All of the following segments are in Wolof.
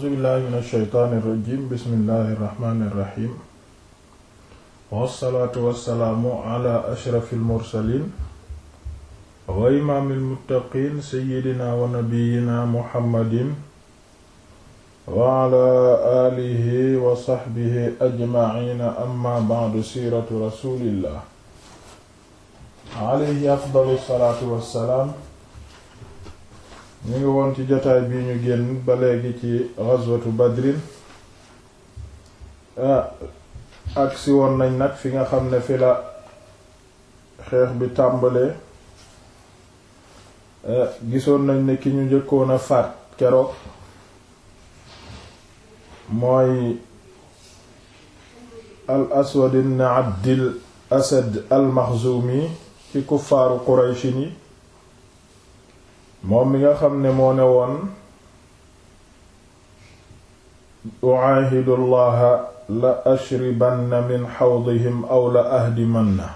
a'uuzu billaahi mina shaytaani rajiim bismillaahi rahmaani rahiim wassalaatu wassalaamu ala ashrafil mursaliin wa imaamil muttaqiin sayyidinaa wa nabiyyinaa muhammadin wa ala aalihi wa sahbihi ajma'iina amma ba'du siiratu rasuulillah alayhi afdalu salaatu wassalaam ñu ngi woon ci jotaay bii ñu génn ba léegi ci ghazwatu badrin ah, agsi woon nañ nag fi nga xam ne fi la xeex bi tàmbalee eh, gisoon nañ ne ki ñu njëkkoon a faat keroog mooy al aswad ibn abdil asad al maxzumi ci kuffaaru qurayshin yi moom mi nga xam ni moo ne woon uaahidu llaha la ashribanna min xawdihim aw la ahdimanna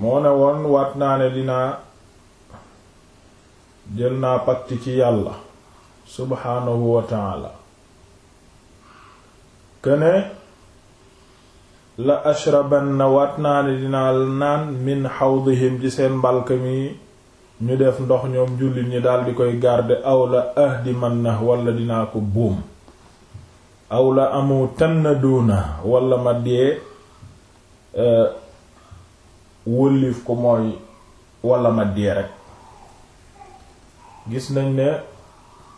moo ne woon waat naa ne dinaa jël naa pacte ci yàlla subhaanahu wa taala la ashrabanna waat naa ne dinaa naan min xawdihim ci seen mbalka mi ñu def ndox ñoom jullit ñi daldi koy garder awla ahdi man na wala dinaa ko buum awla amu tanna duuna walla ma dee e, wëllif ko mooy wala ma dee rek gis nañ ne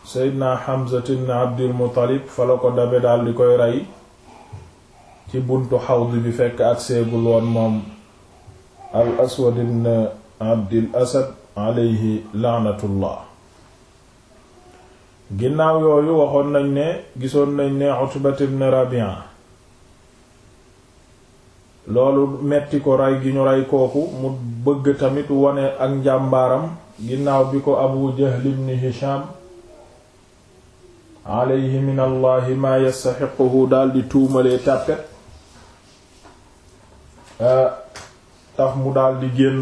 Seydina na ibn Abdul Muttalib fa la ko dabe daldi koy rey ci buntu xawd bi fekk ak seegul woon moom al aswad ibn Asad alayhi laanatullah ginnaaw yooyu waxoon nañ ne gisoon nañ ne Utbat ibn Rabi'a loolu metti ko rey gi ñu rey kooku mu bëgg tamit wone ak njàmbaaram ginnaaw bi ko Abu Jahl ibn Hisham alayhi min ma yastaxiquhu daldi tuumalee tàppet eh, tax mu daldi génn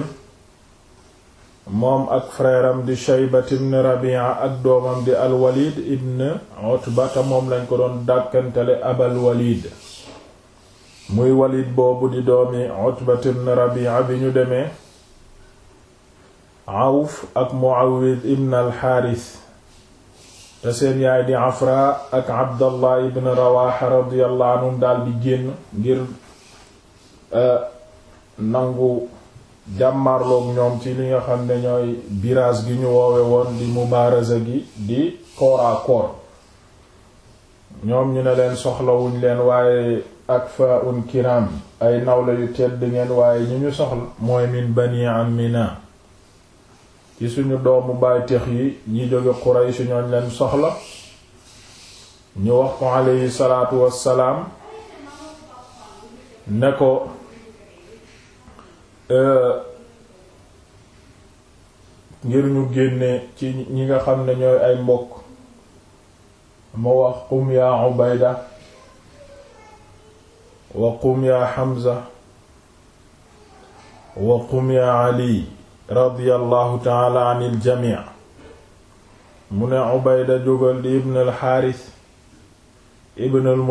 moom ak frèram di Shaybat ibn Rabi'a ak doomam di al ibn Utba te moom lañ ko doon dàkkantele Abal Walid muy Walid boobu di doomi Utba bi ñu demee Awf ak Muawwid ibn al-Harith te seen yaay di Afra ak Abdallah ibn Rawaha radiyallahu daal di génn ngir eh, nangu jàmmarloog ñoom ci li nga xam ne ñooy biraas gi ñu woowe woon di mubaaraza gi di kooraa ñoom ñu ne leen soxlawuñ leen waaye ak fa kiram ay nawla yu tedd ngeen waaye ñu ñu soxla mooy min bani amina ci suñu doomu baytex yi ñi jóge Quraysh ñooñ leen soxla ñu wax ko aleyhi salaatu wassalaam ne ko Euh, ngir ñu génne ci ñi nga xam ne ay mbokk mu wax qum yaa Ubayda wa qum yaa Hamza wa qum yaa Ali radiyallahu taala an il mu ne Ubayda jógal di ibn al ibn al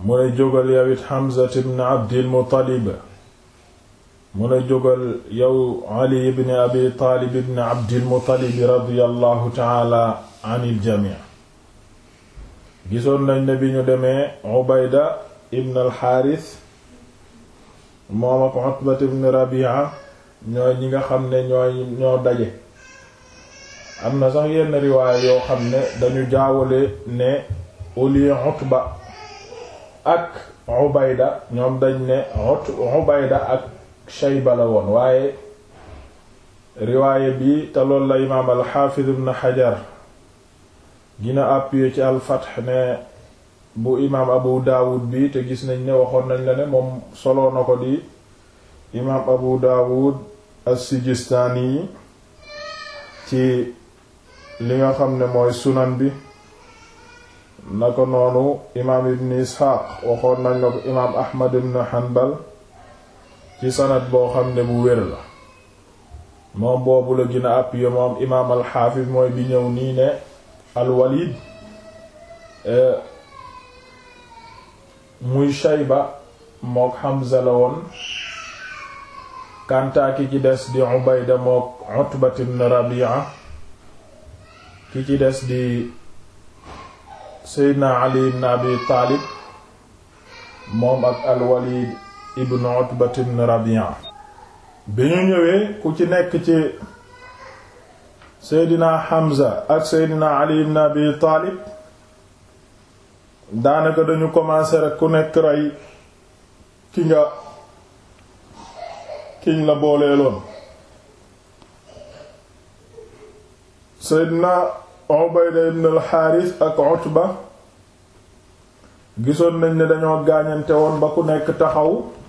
mu ne jógal yawit Hamza ibn Abdil Muttalib mu ne jógal yow ali ibn abi taalib ibn abdil muttalib radiyallahu taala anil jamii gisoon nañ ne bi ñu demee ubayda ibn alxaaris moom ak utbat ibn rabia ñooy ñi nga xam ne ñoo daje am na sax yenn riwaay yoo xam ne dañu jaawale ne aulie utba ak ubayda ñoom dañ ne ut ubayda ak Shayba la woon waaye riwaaye bi te loolu la imaam al-Hafiz ibn Hajar gina appuyé ci al ne bu imaam Abu Dawud bi te gis nañ ne waxoon nañ la ne moom soloo na ko di imaam Abu Dawud as-Sijistani ci li nga xam ne mooy sunan bi na ko noonu imaam Ibn Ishaq waxoon nañ la ko imaam Ahmad ibn Hanbal ci sanad boo xam ne bu wér la moom boobu la gën a appuyé moom imaam alxaafis mooy bi ñëw nii ne alwalid eh, muy shayba mook Hamza la woon kantaa ki ci des di ubayda mook utbat ibn rabi'a ki ci des di seydna ali ibn abi taalib moom ak alwalid ibn Utbat ibn Rabi'a bi ñu ñëwee ku ci nekk ci Seydina Hamza ak Seydina Ali ibn Taalib daanaka dañu commencé rek ku nekk rey ki nga kiñ la booleeloon Seydina Ubayda ibn al-Haaris ak Utba gisoon nañ ne dañoo gaañante woon ba ku nekk taxaw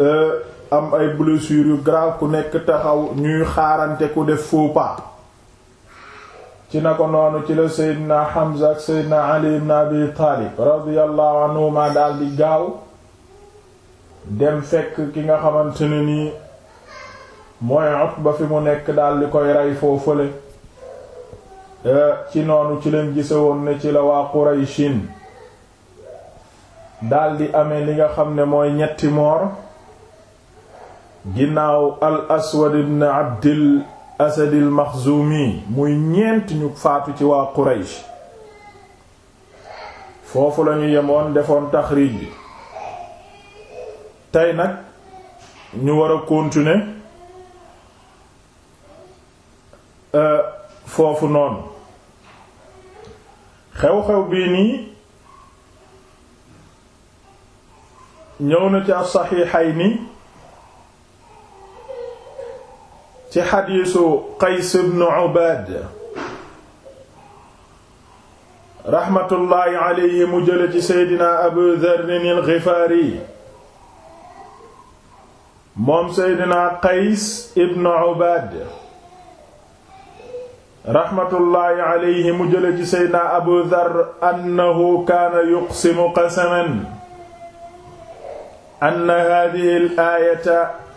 Euh, am ay blessures yu grave ku nekk taxaw ñuy xaarante ku def faux ci na ko noonu ci la Seydina Hamza ak Seydina Ali ibn Abi Taalib radiyallahu anhuma daal di gaaw dem fekk ki nga xamante ni nii mooy ba fi mu nekk daal di koy rey foofule euh, ci noonu ci leen gise ne ci la waa Qurayshin daal di amee li nga xam ne mooy ñetti moor ginnaaw al aswad ibn abdil asadil maxzumi muy ñeent ñu faatu ci waa quraysh foofu lañu yemoon defoon taxriij bi tey nag ñu war a continuer euh, foofu noonu xew-xew bii nii ñëw na ci as-saxiixayni ci xadiisu Qays ibn Ubaad raxmatullaahi alayhi mu jële ci seydina Abu Dharrin al-Ghifaari moom seydina Qays ibn Ubaad raxmatullaahi alayhi mu jële ci seydina Abu Dharr annahu kaana yuqsimu qasaman anna haadihi al-aayata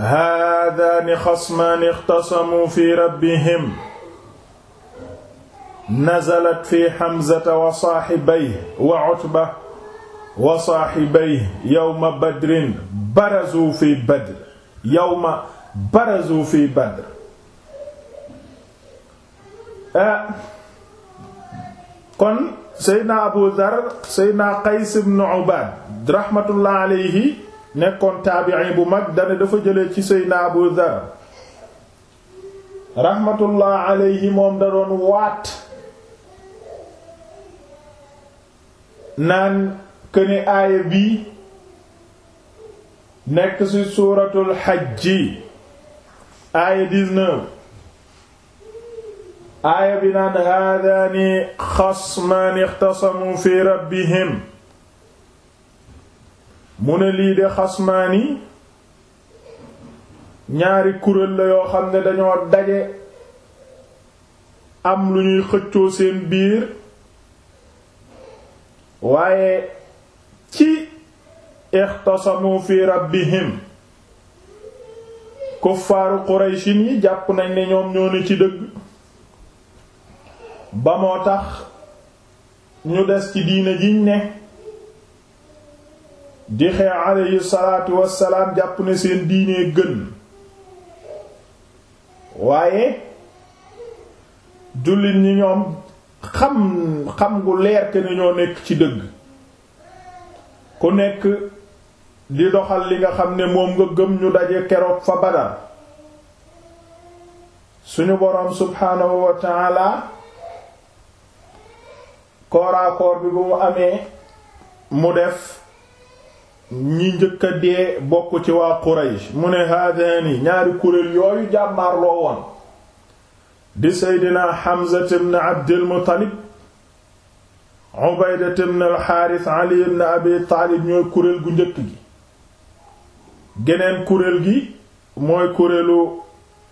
haadaani xasmaani ixtasamuu fi rabbihim nazalat fi Hamzata wa saaxibayhi wa Utba wa saaxibayhi yawma badrin barazuu fi badr yawma barazuu fi badr ah kon Seydina Abu Dar Seydina Qays ibn Ubaad rahmatullah alayhi nekkoon taabi'i bu mag dane dafa jële ci Seydina Abu Dhar rahmatullah alayhi moom da doon waat naan këne aaya bii nekk ci suuratul xajji aaya 19 aaya bi naan haadaani xasmaani ixtasamu fi rabbihim mu ne lii de xasmaani ñaari kuréel la yoo xam ne dañoo daje am lu ñuy xëccoo seen biir waaye ci ixtasamu fi rabbihim kuffaaru quraysin yi jàpp nañ ne ñoom ñoo ne ci dëgg ba moo tax ñu des ci diina jiñ ne di xee aleyhi salaatu wassalaam jàpp ne seen diinee gën waaye jullit ñi ñoom xam xam gu leer ke ñoo nekk ci dëgg ku nekk di doxal li nga xam ne moom nga gëm ñu daje keroog fa Badar suñu boroom subhaanahu wa taala kooraakoor bi bu mu amee mu def ñi njëkk a dee bokk ci waa Quraysh mu ne haadaani ñaari kuréel yooyu jàmmaarloo woon di Seydina Hamza ibn Abdil Ubayda ibn al Ali ibn Abi ñooy kuréel gu njëkk gi geneen kuréel gi mooy kuréelu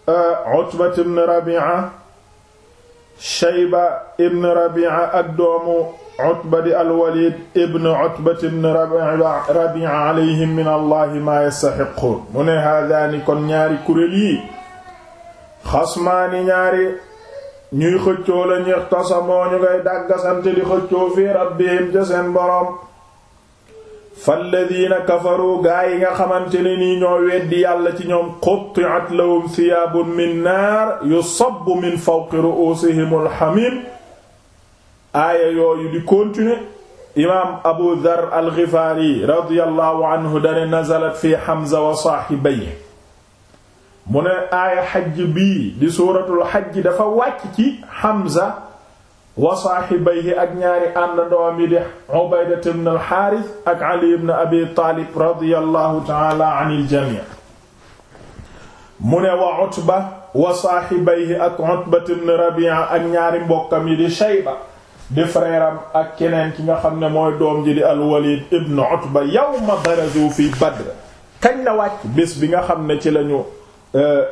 uh, Utba ibn Rabi'a Shayba ibn Rabi'a ak doomu Utba di al-Walid ibn Utba ibn Rabi'a alayhim min Allahi ma yastahiqun mu ne haadaani kon ñaari kuréel yi xasmaani ñaari ñuy xëccoo la ñuy tasamoo ñu ngay dàggasante di xëccoo fi rabbihim ca seen boroom falladiina kafaru gaa yi nga xamante ne nii ñoo weddi yàlla ci ñoom qutti'at lahum thiyaabun min naar yusabbu min fawqi ru'uusihim al-hamiim aaya yooyu di continuer imaam abu dhar al-ghifari radiyallahu anhu dane nazalat fi hamza wa saahibayhi mu ne aaya xajj bii di suuratul xajj dafa wàcc ci hamza wa saahibayhi ak ñaari ànd doom yi di ubaydat ibn al-harith ak ali ibn abi taalib radiyallahu ta'ala anil jami' mu ne wa utba wa saahibayhi ak utba ibn rabi'a ak ñaari mbokkam yi di shayba di frère am ak keneen ki nga xam ne mooy doom ji di al-Walid ibn Utba yawma barazu fi Badr kañ la wàcc bés bi nga xam ne ci lañu euh,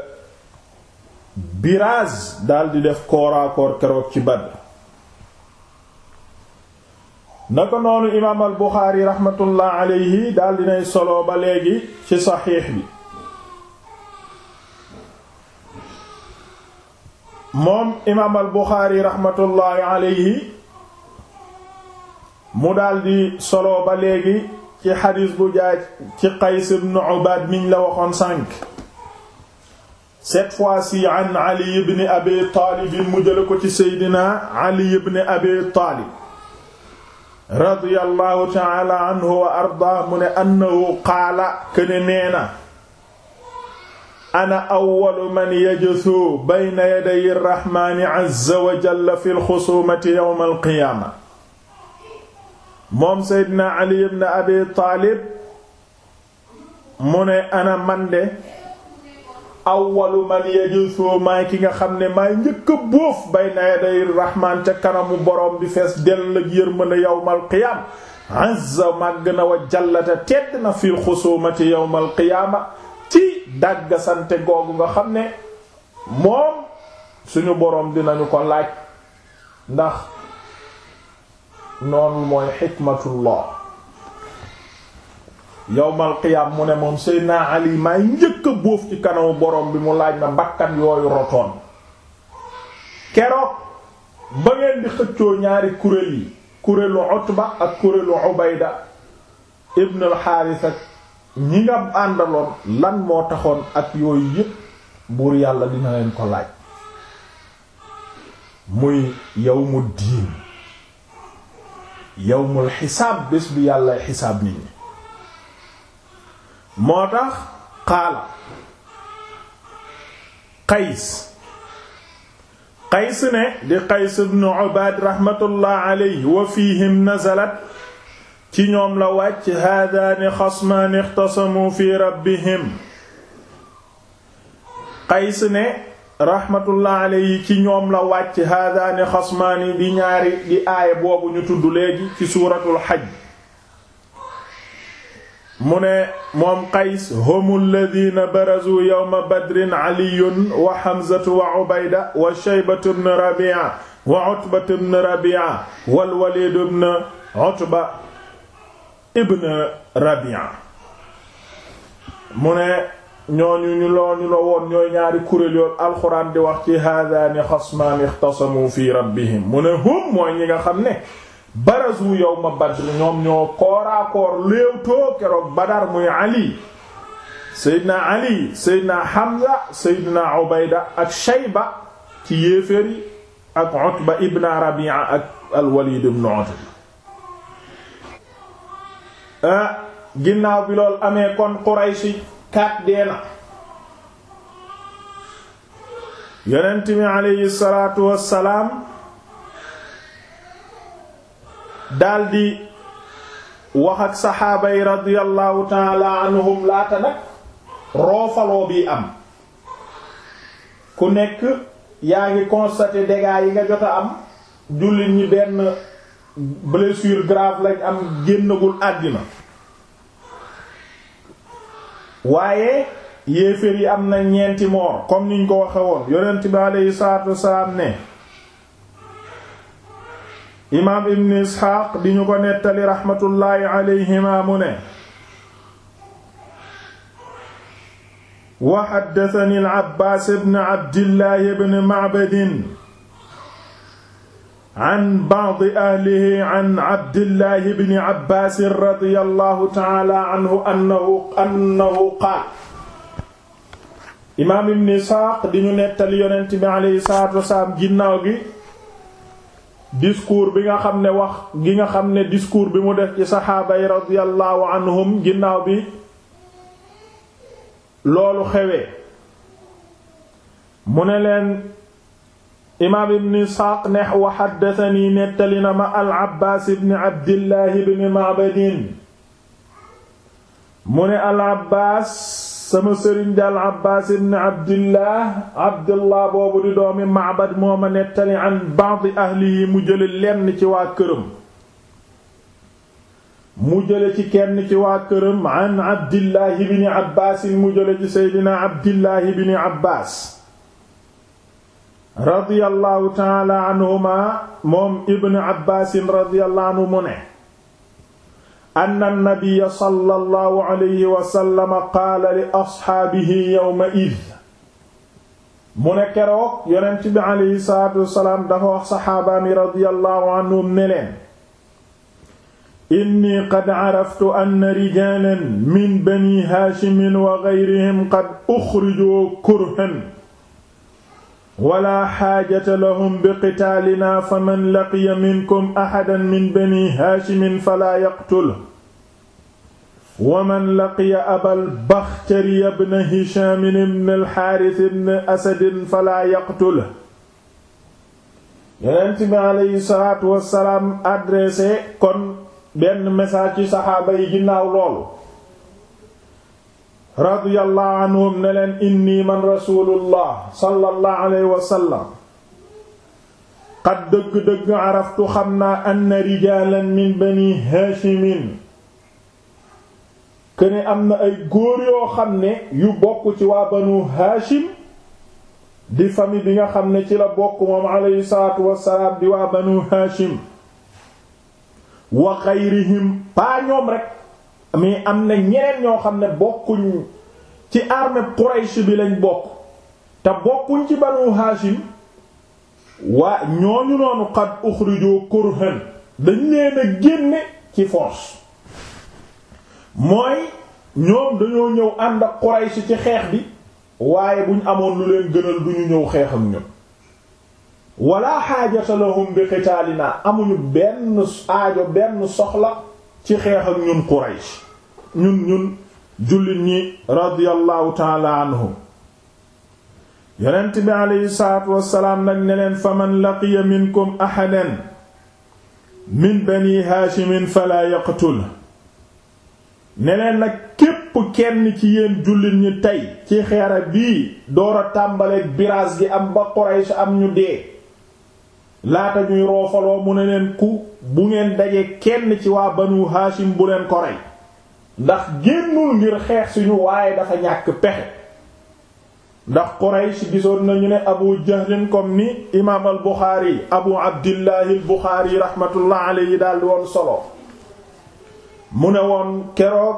Biraz dal di def kooraakoor keroog ci Badr naka noonu imaam al Buxaari raxmatullah alayhi dal dinay solo ba léegi ci saxiix bi moom imaam al Buxaari raxmatullaahi alayhi mu daldi solo ba léegi ci xadis bu jaaj ci Qays ibn Ubaad miñ la waxoon sànq cette fois an Ali ibn Abi Taalib mu jële ko ci Seydina Ali ibn Abi Taalib radiyallahu ta'ala ana awwalu man yajthu bayna yaday ar-rahmaani azza fi al-xusuumati yawm moom Seydina Ali ibn mu ne ana man de awwalu man yajusu maay ki nga xam ne maay njëkk a bóof bayna yaday rahmaan ca kanamu borom bi fees dell ak yërmande yawmal qiyaama azza màgg na wa jallate tedd na fil xusuumati yawmal qiyaama ci dàggasante googu nga xam ne moom suñu borom dinañu ko laaj ndax noonu mooy xikmatullah yowmal qiyaam mu ne moom Seydina Ali maay njëkk bóof ci kanamu borom bi mu laaj na bakkan yooyu rotoon keroog ba ngeen di xëccoo ñaari kuréel yi kuréelu Utba ak kuréelu Ubayda ibn al ñi nga àndaloon lan moo taxoon ak yooyu yépp buur yàlla dina leen ko laaj muy yawmu diin yawmul xisaab bés bi yàlla xisaab nit ñi moo tax qaala qays qays ne di qays ibn ubaad raxmatullah alayhi wa fihim nazalat ci ñoom la wàcc haadaani xasmaani ixtasamu fi rabbihim qays ne rahmatullah alayhi ci ñoom la wàcc haadaani xasmaani di ñaari di aaya boobu ñu tudd léegi ci suuratul xaj mu ne moom qays hum alladina barazu yawma badrin aliyun wa hamzatu wa ubayda wa shaybatu bnu rabia wa utbatu bnu rabia wal walidu bnu utba ibn rabia mu ne ñooñu ñu ñu la woon ñooy ñaari kuréel yoon alxuraan di wax ci haadaani xasmaani fi rabbihim mu ne hum mooy ñi nga xam ne barazu yawma badr ñoom ñoo kooraakoor léewtoo keroog badar muy ali seydina ali seydina hamza seydina ubayda ak shayba ci yéeféer ak utba ibn rabi'a ak alwalid ibn utba ah, ginnaaw bi lool amee kon qurayshi kaat dee na yonent mi aleyhi wassalaam daldi wax ak saxaaba yi radiyallahu taala anhum laata nag roofaloo bi am ku nekk yaa ngi constaté dégâts yi nga jot a am jullit ñi benn blessure grave lañ am génnagul àddina waaye yéeféer yi am na ñeenti moor comme niñ ko waxe woon yonent bi aleyhi salaatu wasalaam ne imaam ibn isxaaq di ñu ko nettali raxmatullaahi aleyhima mu ne wa xaddatani ibn abdillaahi ibn ma'badin an ba'di ahlihi an Abdillahi ibn Abbaas radiyallahu ta'ala anhu annahu annahu qaala imaam ibn Isxaaq di ñu nettali yonent bi alayhi salaatu wasalaam ginnaaw gi diskuur bi nga xam ne wax gi nga xam ne discours bi mu def ci saxaaba yi radiyallahu anhum ginnaaw bi loolu xewee mu ne leen imaam ibn isxaaq nex wa xaddatani nettali na ma al abbaas ibn abdillahi ibn maabadin mu ne al abbaas sama sëriñ di al abbaas ibn abdillah abdillah boobu di doomi maabad moo nettali an baadi ahli yi mu jële lenn ci waa këram mu jële ci kenn ci waa këram an abdillahi ibn abbaas mu jële ci seydina abdillahi ibn abbaas radiyallahu taala anhuma moom ibn abbaasin radiyallahu anhu mu ne anna nabiyya sallallahu alayhi wa sallam qaala li asxaabihi yawma id mu ne keroog yonent bi alayhi salaatu wasalaam dafa wax saxaabaami radiyallahu anhum ne leen inni qad caraftu anna rijaalan min bani haashimin wa gayrihim qad uxrijoo kurhan wala xaajata lahum bi qitaalinaa faman laqiya minkum axadan min bani haashimin falaa yaqtul wa man laqiya abal baxtari ibn hishaam ibn alxaaris ibn asadin falaa yaqtul yonent bi aleyhi salaatu wasalaam adressé kon benn message ci saxaaba yi ginnaaw loolu radiyallahu anhum ne leen inni man rasulullah sallallahu alayhi wa qad dëgg-dëgg araftu xam naa anna rijaalan min bani haashimin këne am na ay góor yoo xam ne yu bokk ci waa banu haashim di famille bi nga xam ne ci la bokk moom alayhi salaatu wassalaam di waa banu haashim wa xayrihim paa ñoom rek mais am na ñeneen ñoo xam ne bokkuñu ci armée Quraysh bi lañ bokk te bokkuñ ci Banu Hashim waa ñooñu noonu qad uxrijoo kurhan dañ leen a génne ci force mooy ñoom dañoo ñëw ànd ak Quraysh ci xeex bi waaye buñ amoon lu leen gënal du ñëw xeex ak ñun wala xaajata lahum bi qitaalinaa amuñu benn aajo benn soxla ci xeex ak ñun Quraysh ñun ñun jullit ñi radiyallahu taala anhum yonent bi aleyhi salaatu wassalaam nag ne leen fa man laqiya minkum ahadan min bani haashimin fala yaqtul ne nag képp kenn ci yéen jullit ñi tey ci xeera bii door a tàmbaleeg biraas gi am ba Quraysh am ñu dee laata ñuy roofaloo mu ne leen ku bu ngeen dajee kenn ci waa banu Hashim bu leen ko ndax génnul ngir xeex suñu waaye dafa ñàkk pexe ndax Quraysh gisoon nañu ne Abu Jahlin comme ni imaam al Buxaari Abu Abdillahi al Buxaari rahmatullah alayhi daal di woon solo mu ne woon keroog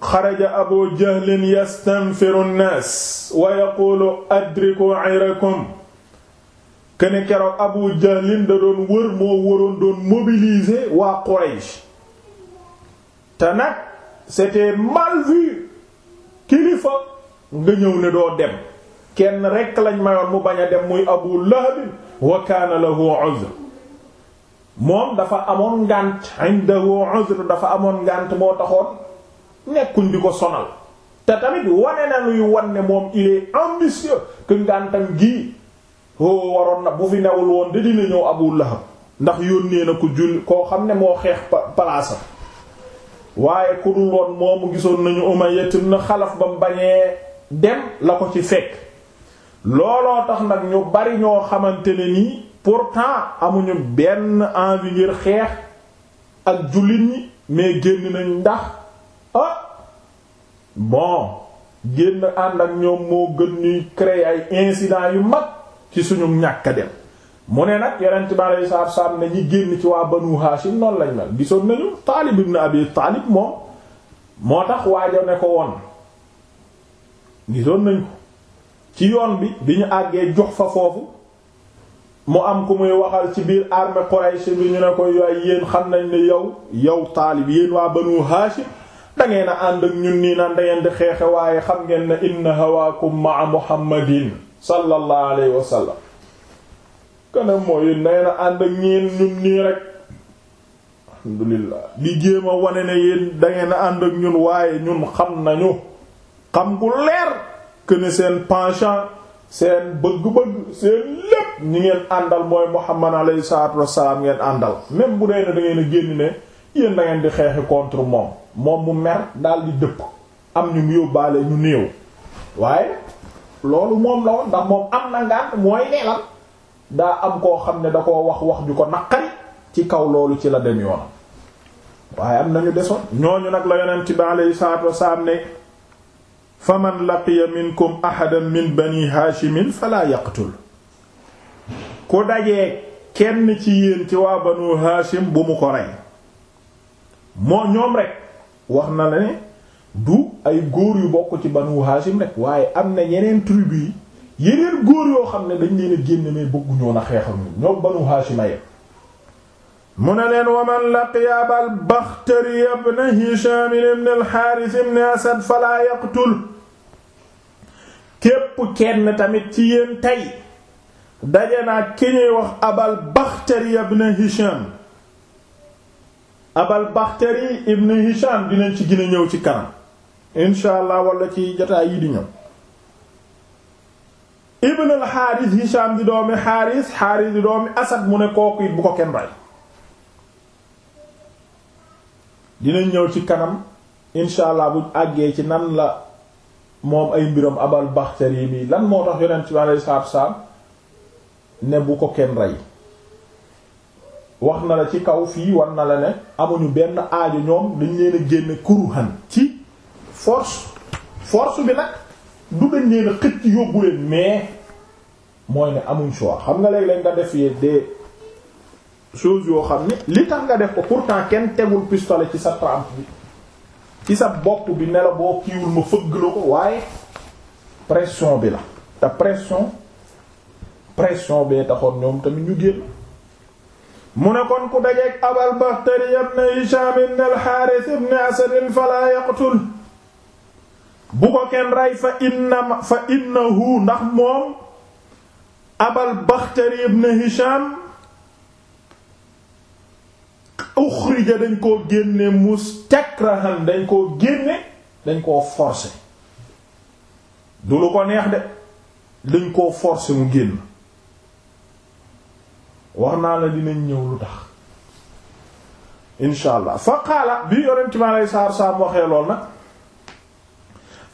xaraja Abu Jahlin yastanfiru nnaas wa yaqulu adriku ayrakum kene keroog Abu Jahlin da doon wër moo waroon doon mobiliser waa Quraysh te nag c'était mal kilifa nga ñëw ne doo dem kenn rekk lañ mayoon mu bañ a dem muy Abu Lahab wa kaana lahu uzr moom dafa amoon ngànt indahu uzr dafa amoon ngànt moo taxoon nekkuñ di ko sonal te tamit wane na luy wan ne moom il est ambitieux ngàntam gii oh waroon na bu fi newul woon de dina ñëw Abu Lahab ndax yónnee na ko jul koo xam ne moo xeex palaasam waaye ku dul woon moomu gisoon nañu Umayya ibn Xalaf ba mu bañee dem la ko ci fekk looloo tax nag ñu bari ñoo xamante ne nii pourtant amuñu benn envie ngir xeex ak jullit ñi mais génn nañ ndax ah bon génn ànd ak ñoom moo gën ñuy créer ay incidents yu mag. ci suñu ñàkk a dem mu ne nag yonent bi aleyhi salaatu ñi génn ci waa banu Haashim noonu lañ mel gisoon nañu Taalib ibn Abi Taalib moom moo tax waaja ne ko woon gisoon nañ ci yoon bi bi ñu àggee jox fa foofu mu am ku muy waxal ci biir armée Quraysh bi ñu ne ko yooyu yéen xam nañ ne yow yow Taalib yéen waa banu Haashim da ngeen a ànd ak ñun nii naan da xeexe waaye xam ngeen ne inna hawaakum sallallahu alayhi wa sallam kanam mooy nee ànd ak ñeen ñun nii rek alhamdulillah li jéem a wane ne yéen dangeen a ànd ak ñun waaye ñun xam nañu xam gu leer que ne seen penchant seen bëgg-bëgg seen lépp ñi ngeen àndal mooy Muhammad alayhi salaatu wassalaam ngeen àndal même bu dee ne da a génn ne yéen da di xeexi contre moom moom mu mer daal di dëpp am ñu mu yóbbaale ñu néew waaye loolu moom la woon ndax moom am na ngànt mooy neelal daa am koo xam ne da koo wax wax ju ko naqari ci kaw loolu ci la dem yoonam waaye am nañu desoon ñooñu nag la yonent bi alayhi salaatu wasalaam ne fa laqiya minkum ahadan min bani haashimin fala yaqtul ku dajee kenn ci yéen ci waa banu haashim bu mu ko rey moo ñoom rek wax na la ne du ay góor yu bokk ci banu Hashim rek waaye am na yeneen tribu yi yeneen góor yoo xam ne dañ leen a génne mais bëgguñoon a xeexal ñun ñoom banu Hashim a mu ne leen waman laqiya abal Bakhtari ibn Hisham ibn al-Harith ibn Asad fala yaqtul képp kenn tamit ci yéen tey daje naa ki wax abal Bakhtari ibn Hisham abal Bakhtari ibn Hisham dinañ ci gën ñëw ci kanam incha allah wala ci jotaay yi di ñëw ibn al xaaris hisham di doomi xaaris xaaris di doomi asad mu ne kooku it bu ko kenn rey dina ñëw ci kanam incha allah buñ àggee ci nan la moom ay mbiram abal baxtari bi lan moo tax yonent ci alayhi salaatu salaam ne bu ko kenn rey wax na la ci kaw fii war na la ne amuñu benn aajo ñoom dañ leen a génne kuruhan ci force force bi nag du dañ leen xëcc yóbbu leen mais mooy ne amuñ choix xam nga léeg leen nga def yee des choses yoo xam ni li tam nga def ko pourtant kenn tegul pistolet ci sa trempe bi ci sa bopp bi ne la boo kiiwul ma fëgg la ko waaye pression bi la te pression pression bee taxoon ñoom tamit ñu génn mu ne kon ku dajeek Abal Bakhtari ibn Hisham ibn al-Harith ibn Asad fala yaqtul bu ko kenn rey fa inna fa innahu ndax moom abal baxtari ibn hisham uxrija dañ koo génne mustakrahan dañ koo génne dañ koo forcer du lu ko neex de dañ koo forcer mu génn wax naa la dinañ ñëw lu tax insha allah fa qaala bi yonent mi aleyhi salaatu wa waxee lool nag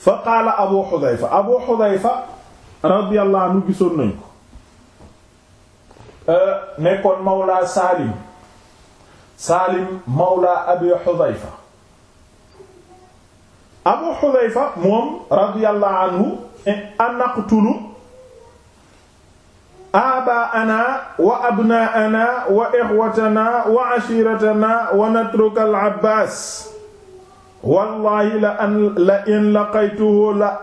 fa qaala abu xudayfa abu xudayfa radiyallahu anhu gisoon nañ ko euh, nekkoon mawla saalim saalim mawla abi xudayfa abu xudayfa moom radiyallahu anhu eh, anaqtulu aabaana wa abnaana wa ixwatana wa ashiratana wa natruka al abbaas wallahi la an la in laqaytuhu la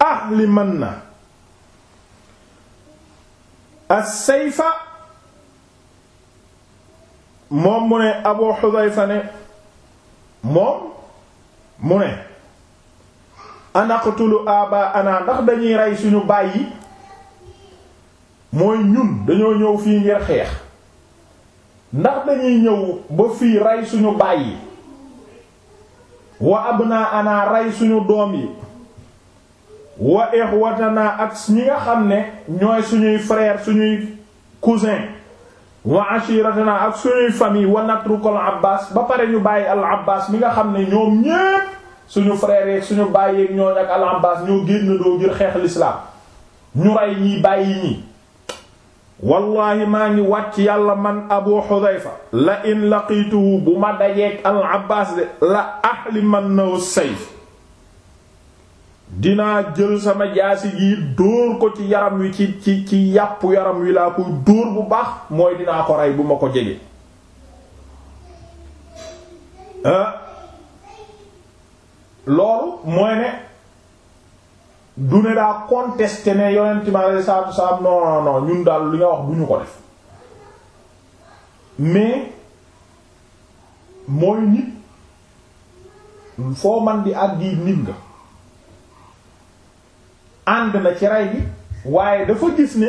ahlimanna as-sayfa moom mu ne Abu Hudhayfa ne moom mu ne anaqtulu aba ana ndax dañuy rey suñu bàyyi mooy ñun dañoo ñëw fii ngir xeex ndax dañuy ñëw ba fii rey suñu bàyyi wa abnaana ray suñu doom yi wa ixwatana ak ñi nga xam ne ñooy suñuy frère suñuy cousin wa ashiratana ak suñuy famille wa natrukal abbas ba pare ñu bàyyi al abbas mi nga xam ne ñoom ñépp suñu frère yeeg suñu bàyyeeg ñooñ ak al abbas ñoo génn doo ngir xeex l'islam ñu rey ñii bàyyi ñii wallahi maa ngi wàcc yàlla man abu xudayfa la in laqiituhu bu ma dajeeg al abbaas de la ahlimannahu sayf dinaa jël sama jaasi gi dóor ko ci yaram wi ci ci ci yàpp yaram wi laa koy dóor bu baax mooy dinaa ko rey bu ma ko jege ah. loolu mooy ne du ne daa contesté ne yonent bi alayhi salaatu wa salaam ñun daal li nga wax bu ñu ko def mais mooy nit foo man di àgg nit nga ànd na ci rey bi waaye dafa gis ne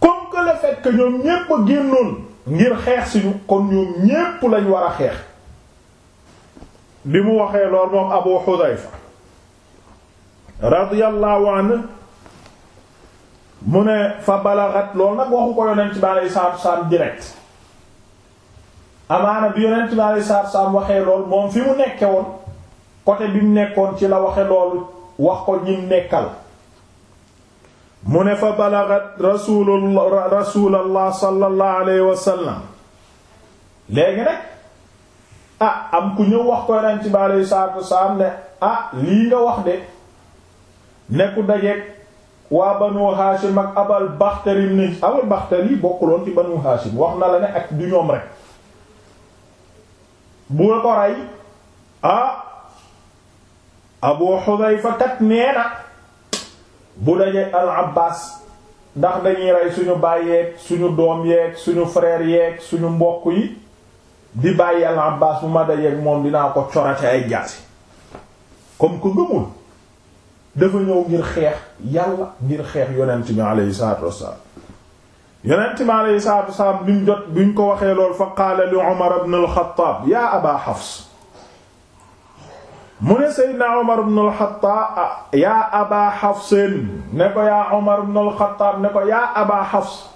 comme que le ñoom ñépp a génnoon ngir xeex suñu kon ñoom ñépp lañ war a xeex li mu waxee lool moom Abu Hudayfa radiyallahu anhu mu ne fa balagat loolu nag waxu ko yonent bi alayhi salaatu salaam direct amaana bi yonent bi alayhi salaatu salaam waxee lool moom fi mu nekke woon côté bi mu nekkoon ci la waxe loolu wax ko ñim nekkal mu ne fa balagat rasulullah rasulallah sallallahu alayhi wa sallam léegi nag ah am ku ñëw wax ko yonent bi alayhi salaatu salaam ne ah lii nga wax de nekku dajeeg waa banu Hashim ak abal Bakhtari ni abal Bakhtari yi bokkuloon ci banu Hashim wax na la ne ak du ñoom rek bu la ko rey ah Abu Hudhayfa kat nee na bu dajeeg al Abbas ndax dañuy rey suñu baay suñu doom yeeg suñu frère yeeg suñu mbokk yi di bàyyi al Abbas bu ma dajeeg moom dinaa ko corate ay jaasi comme ko gëmul dafa ñëw ngir xeex yàlla ngir xeex yonent bi alayhi salaatu wassalaam yonent bi alayhi salaatu wassalaam bi mu jot bi ñu ko waxee lool fa qaala li Umar ibn al-Khattab yaa Aba Hafs mu ne Seydina Umar ibn al-Khattab ah, yaa Aba Hafs ne ko yaa Umar ibn al-Khattab ne ko yaa Aba Hafs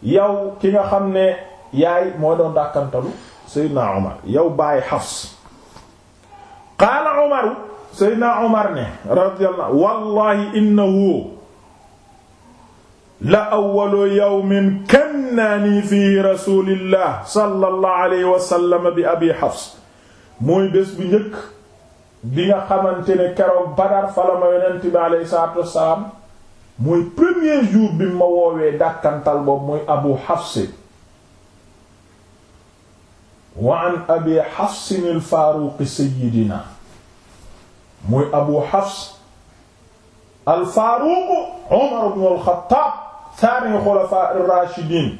yow ki nga xam ne yaay moo doon dàkkantalu Seydina Umar yow baay Hafs qaala Umar Seydina Omar ne radiyallahu wallahi innahu la awwalu yawmin kannaani fihi rasulillah sallallahu alayhi wa bi abi Hafs mooy bés bu njëkk bi nga xamante ne keroog Badar fala ma yonent bi alayhi salaatu wassalaam mooy premier jour bi ma woowee dàkkantal boobu mooy Abu Hafs wa an abi Hafs al muy Abu Hafs al-Faaruq Umar ibn al-Khattab thani khulafa ar-rashidin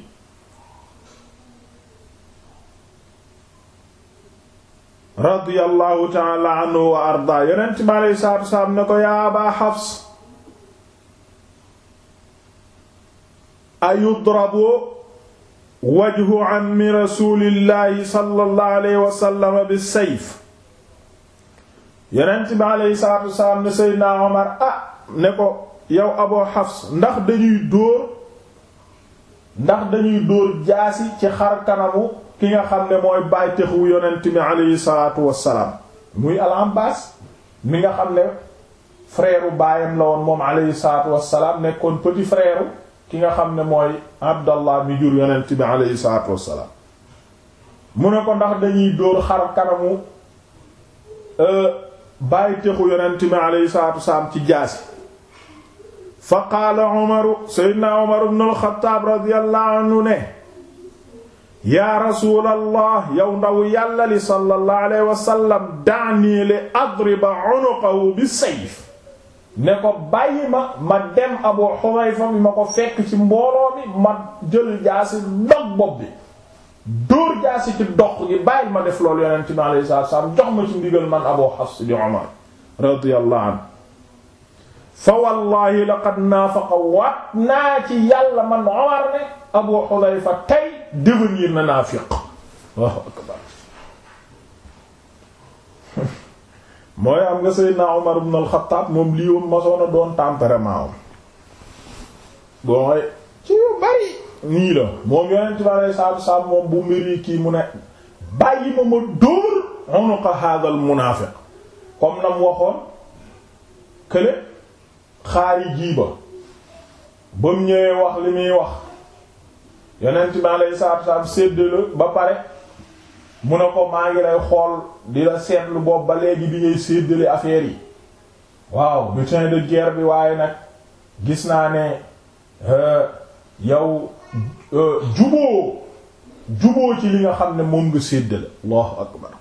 radiyallahu ta'ala anhu wa arda yonent bi alayhi salaatu salaam ne ko yaa Aba Hafs ayudrabu wajhu ammi rasulillahi sallallahu alayhi wa sallam bis sayf yonent bi aleyhi salaatu wasalaam ne Seydina Omar ah ne ko yow Abu Hafs ndax dañuy dóor ndax dañuy dóor jaasi ci xar kanamu ki nga xam ne mooy bàytexu yonent bi aleyhi salaatu wasalaam muy al-Abbaas mi nga xam ne frère baayam la woon moom aleyhi salaatu wasalaam nekkoon petit frère ki nga xam ne mooy Abdallah mi jur yonent bi aleyhi salaatu wasalaam mu ne ko ndax dañuy dóor xar kanamu. Euh, bàyyi texu yonent mi aleyhi salaatu wasalaam ci jaasi fa qaala umaru umar ibn alxataab radiyallahu anhu ne yaa rasuulallah yow ndaw yàlla li sallallahu alayhi wasallam daanii li adriba unuqahu bi sayf ne ko bàyyi ma ma dem abu xurayfa bi ma ko fekk ci mbooloo mi ma jël jaasi dog bopp bi dóor jaasi ci dox gi bàyyi ma def loolu yonent bi alayhi salaatu jox ma ci ndigal man Abu Hafs di Umar radiyallahu anhu fa wallahi laqad naafaqa waat naa ci yàlla man Umar ne Abu Hudayfa tey devenir na naafiq Allahu mooy am nga Seydina Umar ibn al-Khattab moom ci yu bari nii la moom yonent bi alayhi salaatu wasalaam moom bu mbir yi kii mu ne bàyyi ma ma dóor unuqa haadal munaafiq comme nam waxoon kële xaariji ba ba mu ñëwee wax li muy wax yonent bi alayhi salaatu wasalaam séddale ba pare mu ne ko maa ngi lay xool di la seetlu boobu ba léegi bi ngay séddale affaire yi waaw butin de guerre bi waaye nag gis naa ne euh, yow Euh, juboo juboo ci li nga xam ne moom nga séddale allahu akbar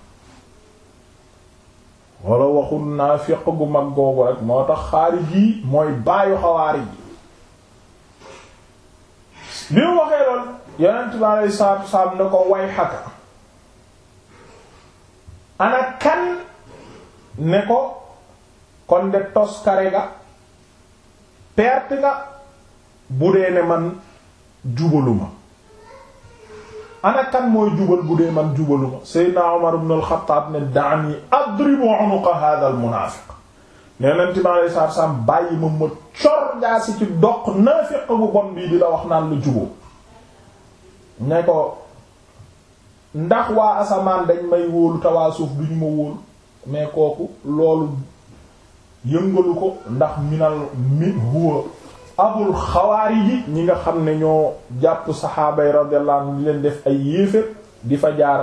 wala waxul naafiq gu mag googu rek moo tax xaarij yi mooy baayu xawaarij yi bi mu waxee lool yonent bi aleyhi salaatu salaam ne ko way xaka ana kan ne ko kon de tos kare nga perte nga bu dee ne man jubalu ana kan mooy jubal bu dee man jubaluma Seydina Umar ibn al-Khattab ne da'ni adribu unuqa hadha al-munafiq nee leen ci maanaam isaaf saam bàyyi ma ma cor jaasi ci doq naafiq bu bon bii di la wax naan la jubóo ne ko ndax waa asamaan dañ may wóolu te du ñu ma wóolu mais kooku loolu yëngalu ko ndax minal mi huwa abul xawaari yi ñi nga xam ne ñoo jàpp saxaaba yi radiyallahu leen def ay yéefér di fa jaar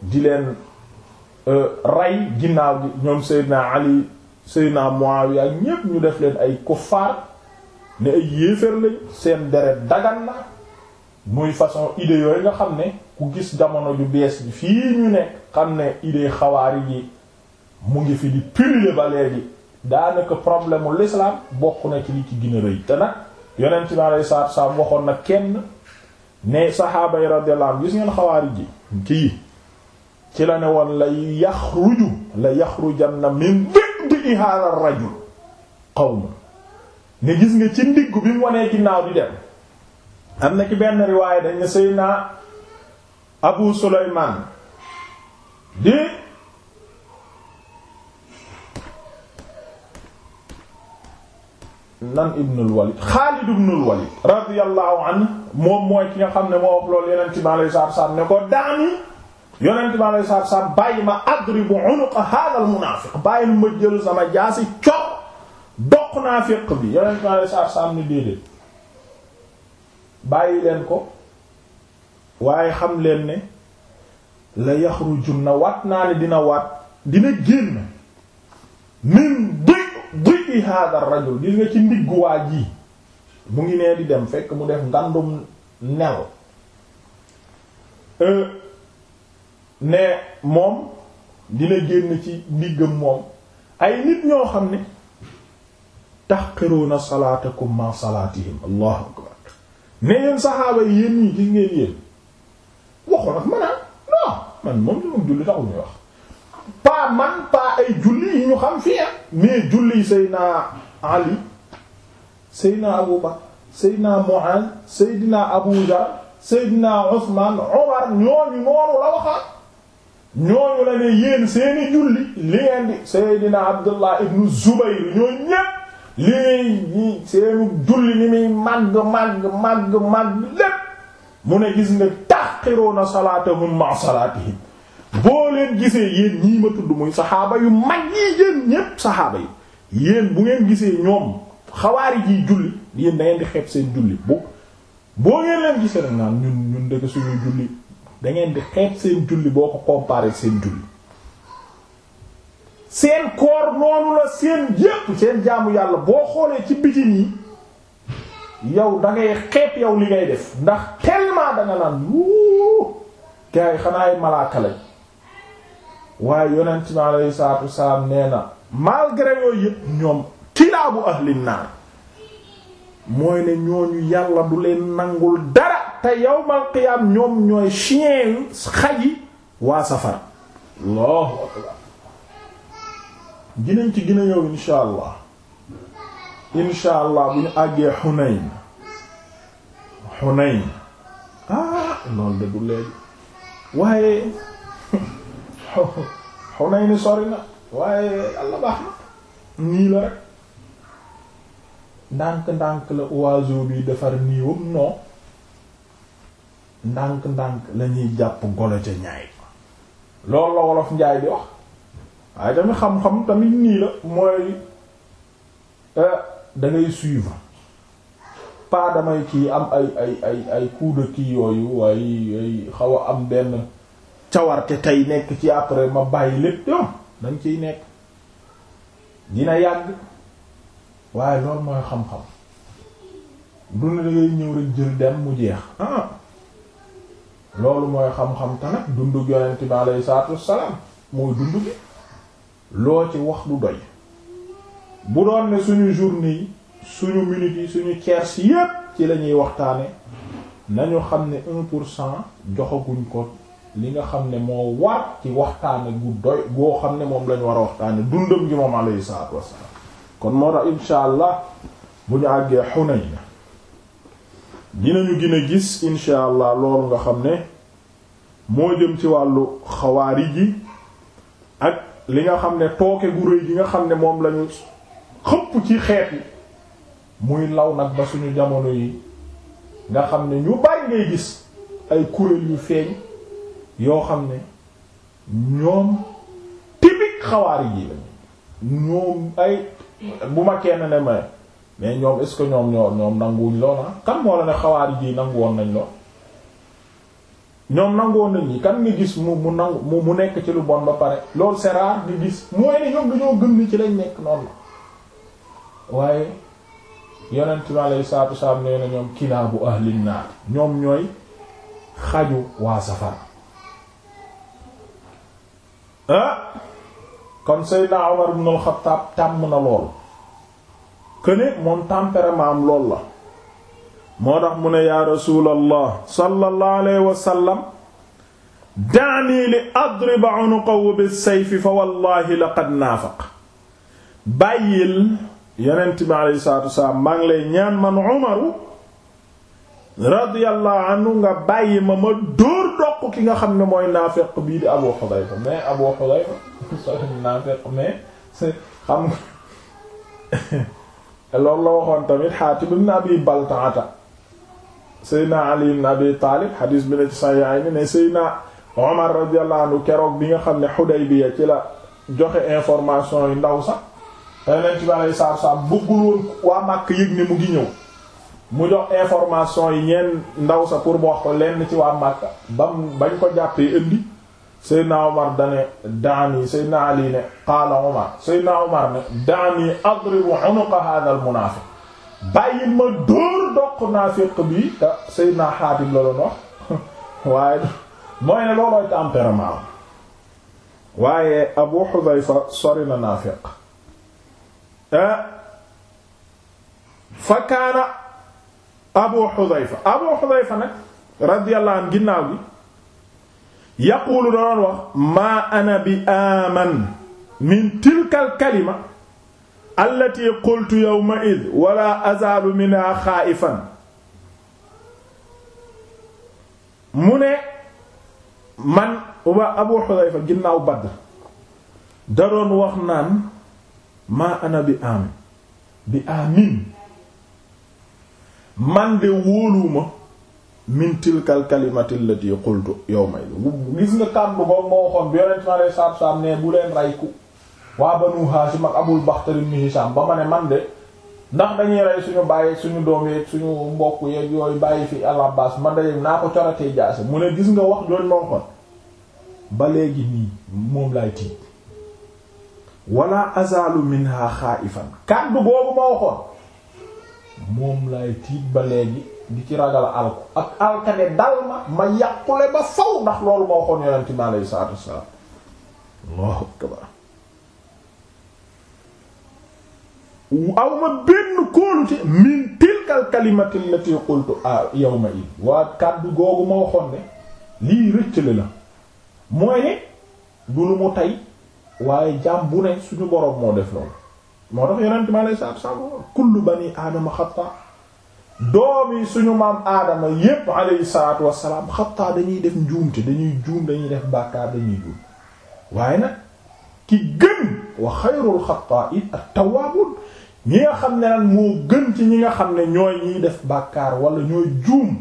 di leen euh, rey ginnaaw gi ñoom Seydina Ali Seydina Muawiya ñu def leen ay kuffaar ne seen deret dagan na muy façon idée yooyu nga xam ne ku gis jamono ju bees bi fii ñu ne xam ne idée xawaari yi mu ngi fi di purler ba léegi daanaka problème mu l'islam bokk na ci li ci gën a rëy te nag yonent bi alayhi salaatu wa salaam waxoon na kenn ne saxaaba yi la anhum gis ngeen xawaarij yi kii ci la ne woon la yaxruju la yaxrujanna min di'di hadha ar-rajul qawm ne gis nga ci ndiggu bi mu wanee ginnaaw di dem am na ci benn riwaaya dañ ne Seydina Abu Sulaymaan di nan ibnul walid xaalid ibnul walid radiyallahu anhu moom mooy ki nga xam ne moo wax loolu yonent bi alayhi salaatu salaam ne ko daani yonent bi alayhi salaatu salaam bàyyi ma adribu unuqa haadal munaafiq bàyyi ma jël sama jaasi cop doq naafiq bi yonent bi alayhi salaatu salaam ni déedéet bàyyi leen ko waaye xam leen ne la na waat naa ne dina waat dina génn min jidhi hadha ar nga ci ndiggu waa ji mu ngi nee di dem fekk mu def ngandum nel euh, ne moom dina génn ci ndiggam moom ay nit ñoo xam ne tahqiruuna salaatakum ma salaatihim allahu akbar ne yéen saxaaba yi yéen ñii ngeen yéen waxu nag man ah non man moom ñoom julli taxul ñuy wax pas man pas ay julli yi ñu xam fii ah mais julli Seydina Ali Seydina Abu Bakr Seydina Mu'adh Seydina Abu Dharr Seydina Usman Omar ñooñu noonu la waxa ñooñu la ne yéen seeni julli li ngeen di Seydina Abdullah ibn Zubayr ñooñu ñépp li ñuy seeni julli ni muy màgg màgg màgg màgg lépp mu ne gis nga taxiruuna salaatahum ma salaatihim boo leen gisee yéen ñii ma tudd muy saxaaba yu mag yi yéen ñépp saxaaba yi yéen bu ngeen gisee ñoom xawaari jiy julli yéen da di xeeb seen julli boo ngeen gisee nag naan ñun ñun dëkk suñu julli da di xeeb seen julli boo ko comparé seen julli seen koor noonu la seen yépp seen jaamu yàlla boo xoolee ci biti yi yow dangay ngay xeeb yow li ngay def ndax tellement da nga naan wuu gars xanaa ay waaye yonent bi alayhi salaatu wasalaam nee na yooyu yëpp ñoom kilaabu ahlin naar mooy ne ñooñu yàlla du leen nangul dara te yawmal qiyaam ñoom ñooy chien xaji waa safara allahu akbar ginañ ci gën a yow insha allah insha allah bu ñu àggee Hunayn Hunayn ah loolu de du waaye Hunayn sori na waaye yàlla baax na nii la rek ndànk-ndànk la oiseau bi defar niiwam non ndànk-ndànk la jàpp golo ca ñaay loolu la wolof njaay bi wax waaye tamit xam-xam tamit nii la mooy euh, da ngay suivre damay kii am ay ay ay ay kii yooyu waaye ay am benn cawarte tey nekk ci après ma bàyyi lépp dañ ciy nekk dina yàgg waaye loolu mooy xam-xam du ne dangay ñëw rek jël dem mu jeex ah, loolu mooy xam-xam te nag dundu yonent bi alayhi salaatu wassalaam mooy dundu bi loo ci wax du doy bu doon ne suñu journée yi suñu minutes yi suñu tiers yépp ci lañuy waxtaane nañu xam ne un pour cent joxaguñ ko li nga xam ne moo war ci waxtaane gu doy goo xam ne moom lañu war a waxtaane dundam gi moom alayhi salaatu wassalaam kon moo tax insha allah bu ñu àggee Hunayn dinañu gën a gis insha allah loolu nga xam ne moo jëm ci wàllu xawaarij yi li nga xam ne tooke gu rëy nga xam ne moom lañu xëpp ci xeet yi muy law nag ba suñu jamono yi nga xam ne ñu bari ngay gis ay kuréel yu feeñ yoo xam ne ñoom typique xawaari ji lañ ñoom ay bu ma kenn ne ma mais ñoom est ñoom ñoo ñoom nanguwuñ loola ah? kan moo la ne xawaari ji nangu woon nañ lool ñoom nangu woon nañ ñi kan nga gis mu mu nangu mu nekk ci lu bon ba pare loolu c'est rare gis mooy ne ñoom dañoo gëm ni ci lañ nekk noonu la waaye yonent mi alayhi salaatu wasalaam nee na ñoom kilaabu ahlin naar ñoom ñooy xaju waa safara ah kon Seydina Umar ibn al-Khattab tàmm na lool këne moom tempérament am lool la moo tax mu ne yaa rasuulallah sallallahu alayhi wa sallam da'ni li adriba unuqahu bis fa wallahi laqad naafaq bàyyil yonent bi alayhi salaatu salaam maa lay ñaan man Umaru radiyallahu nga bàyyi ma ma dóor doq ki nga xam ne mooy naafeq bii di Abu Hudayfa mais Abu Hudayfa naafeq mais xam nga loolu la waxoon tamit Haatib ibn Abi Baltaata Seydina Ali ibn Abi Taalib xadiis bi ne ci Sahihayni ne Seydina Omar radiyallahu anhu keroog bi nga xam ne Hudaybiya ci la joxe information yu ndaw sax te leen ci bari saar saar bëggul woon waa Màkk yëg ne mu ngi ñëw mu jox information yi ndaw sa pour mu wax ko lenn ci waa Makka bam bañ ko jàppee indi Seydina Omar dane daani Seydina Ali ne qaala Omar Seydina Omar ne daani adribu unuqa hadha al munaafiq bàyyi ma dóor doq naafiq bi te Seydina Xaatim la doon wax waaye mooy ne loolooy tempérament waaye Abu Hudayfa sori na eh, fa kaana abu xudayfa abu xudayfa nag radiyallahu anhu ginnaaw gi yaqulu da wax maa ana bi aman min tilkal kalima allati qultu yawma id wala azaalu minha xaaifan mu ne man uba abu xudayfa ginnaaw badr da wax naan maa ana bi amin bi amin man de wóoluwuma la tilkal kalimati allati qultu yawma gis nga kàddu boobu moo waxoon bi yonent ma lay saab saab ne bu leen rey ku waa banu Haashim ak Abul Baxtari ibn ba ma ne man de ndax dañuy rey suñu bàyyi suñu doom yeeg suñu mbokk yeeg yooyu bàyyi fi al-Abbaas man de naa ko coratee jaase mu ne gis nga wax jooju ma waxoon ba léegi nii moom laay tiit wala azalu minha xaaifan kàddu boobu ma waxoon moom lay tiit ba léegi di ci ragal alku ak alkane dal ma ma yàqule ba faw ndax loolu ma waxoon yonent mi alayhi salaatu wassalaam Allahu akbar aw ma benn kóolute min tilkal kalimati allati qultu yawma id waa kàddu googu ma waxoon ne lii rëccale la mooy ne du lu mu tey waaye jaam bu ne suñu boroom moo def loolu moo tax yonent mi alayhi salaatu wa salaam ba ni aadama xataa doomi suñu maam aadama yépp alayhi salaatu wa salaam xataa dañuy def njuumte dañuy juum dañuy def bàkkaar dañuy juum waaye ki gën wa ñi nga xam ne moo gën ci ñi nga xam ne ñooy ñiy def bàkkaar wala ñooy juum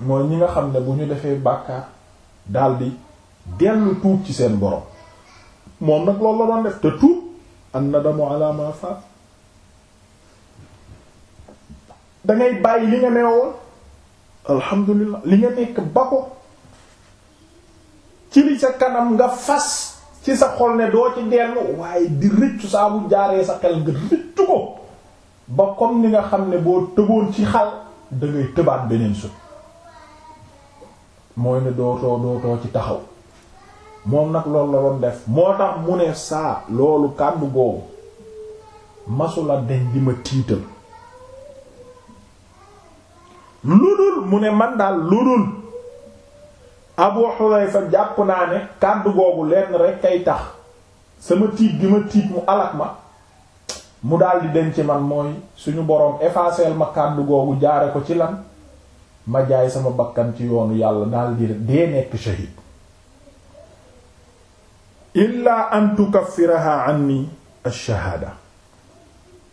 mooy ñi nga xam ne bu ñu defee bàkkaar daldi dellu tuub ci seen borom moom nag loolu la doon def te tuub an nadamu ala ma faat dangay bàyyi li nga newoon alhamdulilah li nga nekk ba ko ci li sa kanam nga fas ci sa xol ne doo ci dellu waaye di rëccu saa bu jaaree sa xel nga rëccu ko ba comme ni nga xam ne boo tëboon ci xal dangay tëbaat beneen sut mooy ne dootoo dootoo ci taxaw moom nag loolu la doon def moo tax mu ne saa loolu kàddu googu masula deñ di ma tiital lu dul mu ne man daal lu dul Abu Hudayfa jàpp naa ne kàddu googu lenn rek kay tax sama tiit di ma tiit mu alak ma mu daal di ci man mooy suñu boroom effacer ma kàddu googu jaare ko ci lan ma jaay sama bakkan ci yoonu yàlla daal di dee nekk shahid illaa an tukaffiraha anni shahaada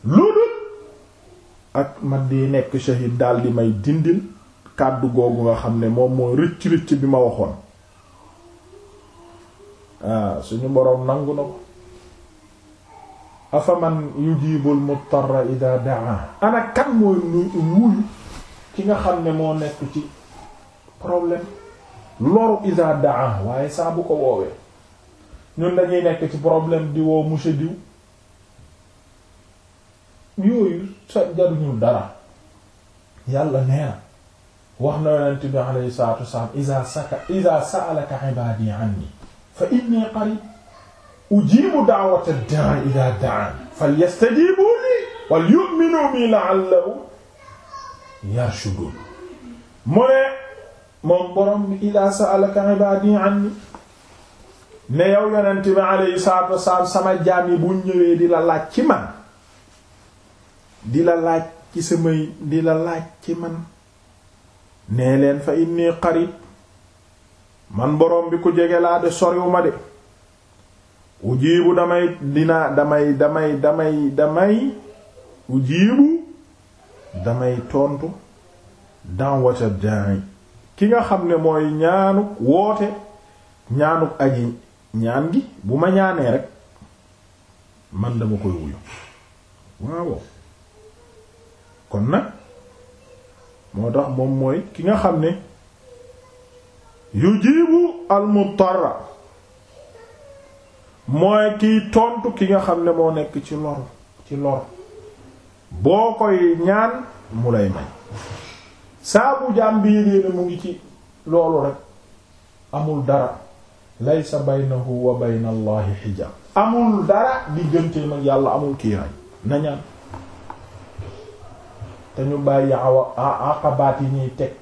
lu dul ak man di nekk shahid daal di may dindil kàddu googu nga xam ne moom mooy rëcc rëcc bi ma waxoon ah, suñu boroom nangu na ko afaman yujibul muttarra ida daa ana kan mooy wuyu ki nga xam ne moo nekk ci problème loru ida daa waaye saa bu ko woowee ñun dañuy nekk ci problème di woo monsieur diw yooyu sa jaruñul dara yàlla nee na wax na yonent bi alayhi salaatu wasalaam iza saka iza sa'alaka ibaadi anni fa inni qarib ujibu da'wata da'i iza da'an falyastajibu li wal yu'minu bi la'allahum yarshudun mu ne moom borom bi iza sa'alaka ibaadi anni ne yow yonent bi alayhi salaatu sama jaam yi bu ñëwee di la laaj ci man di la laaj ci samay di la laaj ci man nee leen fa inni qarib man borom bi ku jege laa de soriwuma de ujiibu damay dinaa damay damay damay damay ujiibu damay tontu da'wata da'i ki nga xam ne mooy ñaanuk woote ñaanuk yi ñaan gi bu ma ñaanee rek man dama koy wuyu waaw kon nag moo tax moom mooy ki nga xam ne yu al-muttarra mooy kiy tontu ki nga xam ne moo nekk ci lor ci lor boo koy ñaan mu lay may saabu jaam bi yëgee mu ngi ci loolu rek amul dara laysa baynahu wa bayna allahi xijab amul dara digganteem ak yàlla amul kiiraay na ñaan te ñu bàyyi aqabaat yi ñuy teg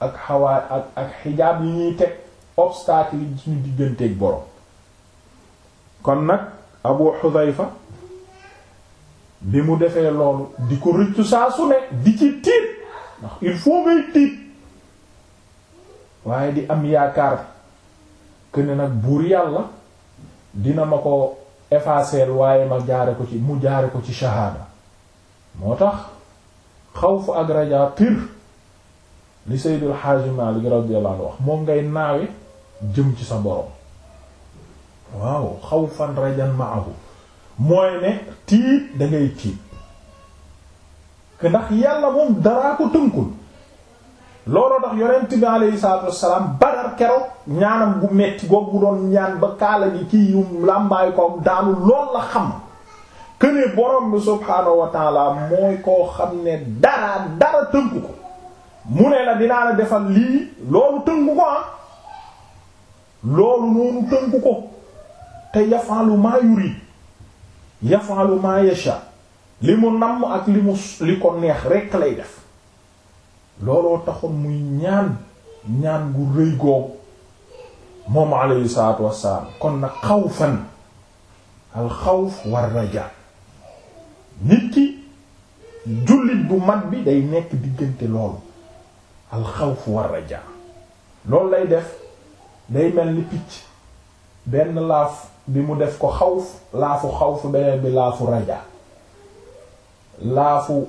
ak xawaa ak ak xijaab yi ñuy teg obstacle yi suñu digganteeg borom kon nag Abu Hudhayfa bi mu defee loolu di ko rëccu saa su di ci tiit il faut ngay tiit waaye di am yaakaar que ne nag buur yàlla dina ma ko effacer waaye ma jaare ko ci mu jaare ko ci shahaada moo tax xawfu ak rajaa pir li Seydil Hajji Maalik radiyallahu wax moom ngay naawe jëm ci sa borom waaw xawfan rajan ma'ahu mooy ne tiit da tiit que ndax yàlla moom daraa ko tënkul looloo tax yonent bi aleyhi salaatu wassalaam Badar keroog ñaanam bu metti googu doon ñaan ba kaala yi kii yum làmbaayu ko daanu lool la xam kënee borom bi subhaanahu wa mooy koo xam ne dara dara tënku ko mu ne la dinaa la defal lii loolu tënku ko ah loolu noonu tënku ko te yafalu maa yurid yafalu li mu namm ak li mu li ko neex rekk lay def looloo taxoon muy ñaan ñaan gu rëy googu moom alayhi salaatu wassalaam kon nag xawfan al xawf war raja nit ki jullit bu mat bi day nekk diggante loolu al xawf war raja loolu lay def day mel ni picc benn laaf bi mu def ko xawf laafu xawf beneen bi laafu raja laafu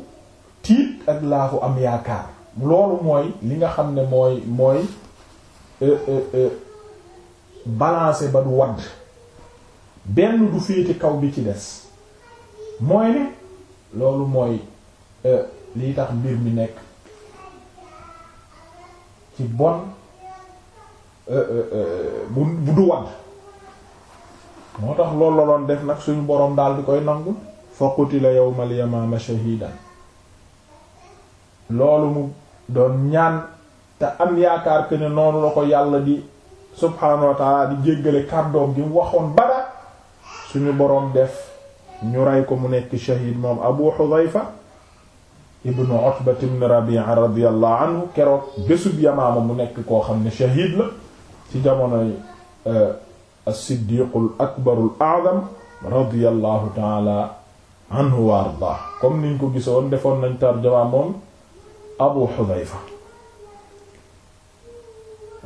tiit ak laafu am yaakaar loolu mooy li nga xam ne mooy mooy euh, euh, euh, balancer ba du wadd benn du féete kaw bi ci des mooy ne loolu mooy lii tax mbir mi nekk ci bon bu bu du wadd moo tax loolu la doon def nag suñu borom daal di koy nangu fa qutila yawmal yamaama shahiidan loolu mu doon ñaan te am yaakaar que ne noonu la ko yàlla di subhaanahu wa di jéggale kàddoom gi mu waxoon bada suñu boroom def ñu rey ko mu nekk shahid moom Abu Hudhayfa ibnu Utba ibn Rabi'a radiyallahu anhu keroog bésub Yamaama mu nekk koo xam ne shahid la ci jamonoy euh, as-Siddiqul akbarul a'zam radiyallahu taala anhu wa ardaa comme niñ ko woon defoon nañ tarjama moom abu xudayfa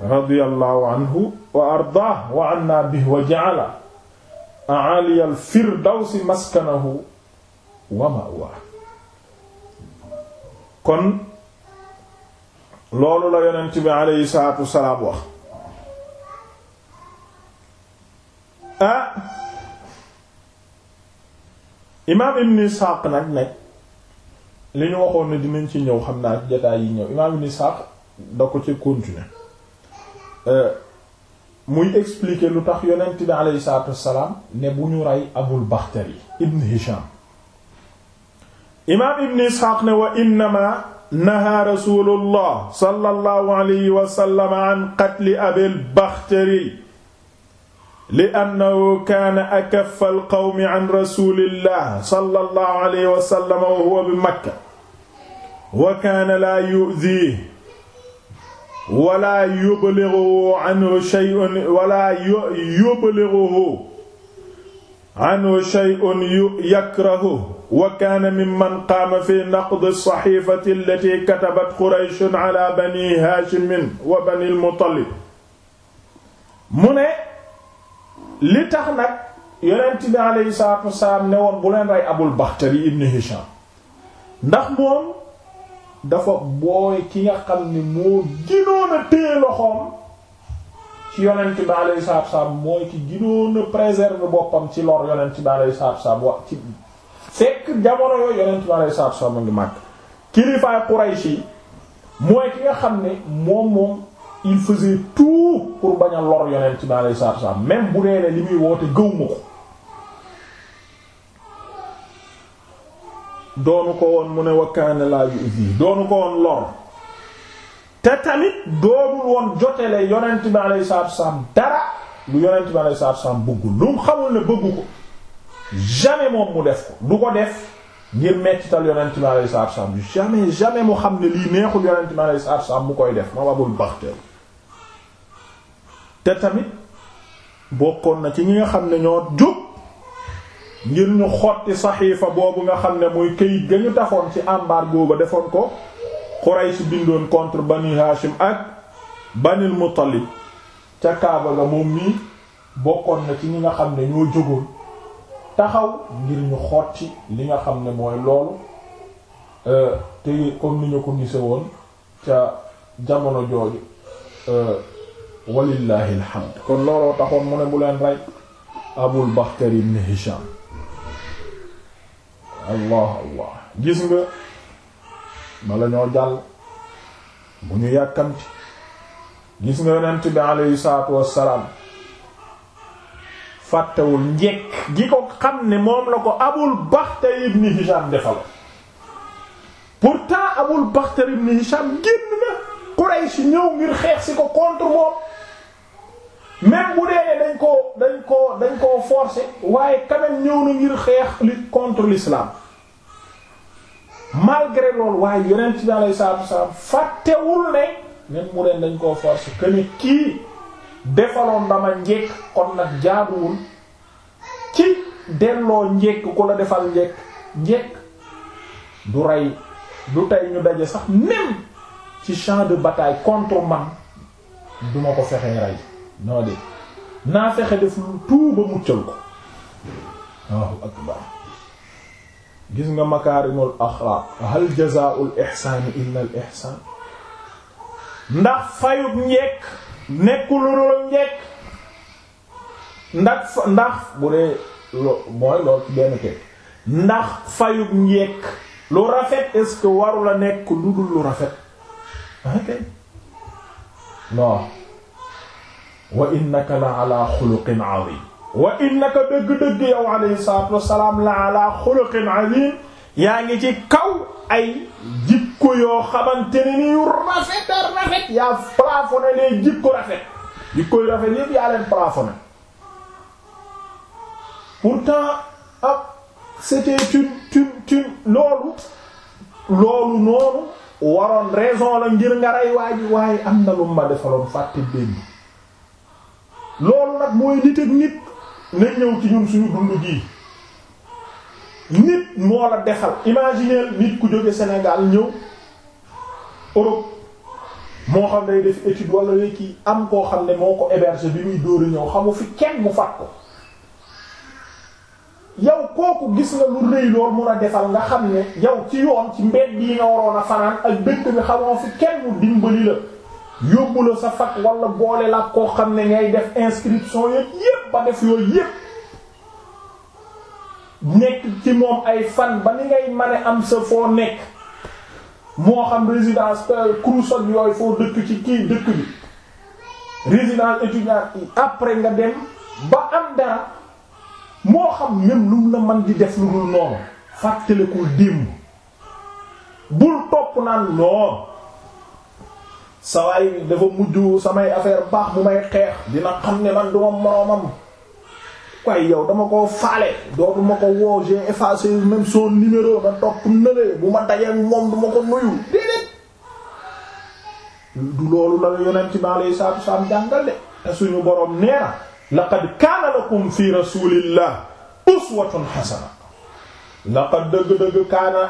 radiyallahu anhu wa ardaah wa anna bihi wa ja'ala a'ali al-firdawsi maskanahu wa ma'waa kon loolu la yonent bi aleyhi salaatu wasalaam wax ah imaam ibn Isxaaq nag nekk li ñu waxoon ne dinañ ci ñëw xam naa jotaay yi ñëw imaam ibn Isaaq da ko ci continuer euh, muy expliquer lu tax yonent bi rey Abul Bakhtari ibn Hisham imaam ibn Isaaq ne wa naha rasulullah sallallahu alayhi wa sallam an qatli Abil li annahu kaana akaffa alqawmi an rasulillah sallallahu alayhi wa sallam wa huwa bi makka wa kaana laa yu'ziihi wala yubalighu anhu shay'un wala yubalighu anhu shay'un yakrahu wa kaana mimman qaama fi naqd as-sahiifati allatii katabat Quraysh ala bani Haashim wa bani al-Muttalib mu ne li tax nag yonent bi alayhi salaatu wasalaam ne woon bu leen rey abul baxtari ibn hisham ndax moom dafa booy ki nga xam ni moo ginoon a téye loxoom ci yonent bi alayhi salaatu wasalaam mooy ki ginoon a préserver boppam ci lor yonent bi alayhi salaatu wasalaam wax ci fekk jamono yooyu yonent bi alayhi salaatu wasalaam mu ngi màgg kilifaay Quraysh yi mooy ki nga xam ne moom moom il faisait tout pour bañ a lor yonent bi alayhi salaatu wasallam même bu dee ne li muy woote gëw ma ko doonu ko woon mu ne wa kaana laa yu'zi doonu ko woon lor te tamit doonul woon jotele yonent bi alayhi salaatu wasallam dara lu yonent bi alayhi salaatu wasallam bëggul lu mu xamul ne bëggu ko jamais moom mu def ko du ko def ngir mettital yonent bi alayhi salaatu wasallam jamais jamais mu xam ne lii neexul yonent bi alayhi salaatu wasallam mu koy def moom abul baxteel te tamit bokkoon na ci ñi nga xam ne ñoo jóg ngir ñu xotti saxiifa boobu nga xam ne mooy këyit ga ñu taxoon ci embargo ba defoon ko Quraysh bindoon contre Bani Hashim ak Banil Muttalib ca Kaaba ga moom mii bokkoon na ci ñi nga xam ne ñoo jógoon taxaw ngir ñu xotti li nga xam ne mooy loolu euh, te comme ni ñu ko gise woon ca jamono jooju euh, walillahi alhamd kon looloo taxoon mu ne bu leen rey abul bakhtari ibn hisham allah allah gis nga bala ñoo jàll bu ñu yàkkamti gis nga yonent bi alayhi salaat wassalaam fàttewul njekk gi ko xam ni moom la ko abul bakhtari ibn hisham defal pourtant abul bakhtari ibn hisham génn na Quraysh ñëw ngir xeex si ko contre moom même bu dee dañ koo dañ koo dañ koo forcer waaye quand même ñëw na ngir xeex li contre l'islam malgré loolu waaye yonent bi alayhi salaatu wasallam fàttewul ne même mu dee dañ koo forcer que ni kii defaloon dama njekk kon nag jaaduwul ci delloo njekk ku la defal njekk njekk du rey du tey ñu daje sax même. ci champ de bataille contre man duma ko fexee rey noo de naa fexe def lu tout muccal ko waaw akbar gis nga makaarimul axlaaq hal jazaa'ul ihsaani illal ihsaan ndax fayub ndax ndax njekk lu rafet est-ce nekk lu dul lu rafet ok non wa innaka la ala xuluqin azim wa innaka dëgg-dëgg yow alayhi salaatu wassalaam la ala xuluqin azim yaa ngi ci kaw ay jikko yoo xamante ne ni yu rafet a rafet yaa plafonné les jikko rafet jikko yu rafet yaa leen plafonné pourtant ab ah, c'était une une loolu loolu noonu waroon raison la ngir nga rey waa ji waaye am na lu ma defaloon fàtte benn loolu nag mooy nit ak nit na ñëw ci ñun suñu dund gii nit moo la defal imaginer nit ku jóge Sénégal ñëw Europe moo xam day def étude wala léegi am koo xam ne moo ko héberger bi muy dóori ñëw xamu fi kenn mu fat ko yow kooku gis nga lu rëy lool mun a defal nga xam ne yow ci yoon ci mbedd yi nga waroon a fanaan ak dëkk bi xamoo fi kenn mu dimbali la yóbbu la sa fat wala boole la koo xam ne ngay def inscription yëpp yëpp ba def yooyu yëpp nekk ci moom ay fan ba ni ngay mën am sa foo nekk moo xam résidence euh, crousog yooyu foo dëkk ci kii dëkk bi résidence étudiante après nga dem ba am dara moo xam même lu mu la man di def lu dul noonu fàttalikul démb bul topp naan lool sawaay dafa mujj samay affaire baax bu may xeex dina xam ne man duma moroomam waaye yow dama ko faale dootuma ko woo j'ai effacé même son numéro da topp nële bu ma dajee moom duma ko nuyu du loolu la yonent bi alayhi salaatu wassalaam jàngal de te suñu borom nee na laqad kaana lakum fi rasulillah uswatun hasana laqad dëgg-dëgg kaana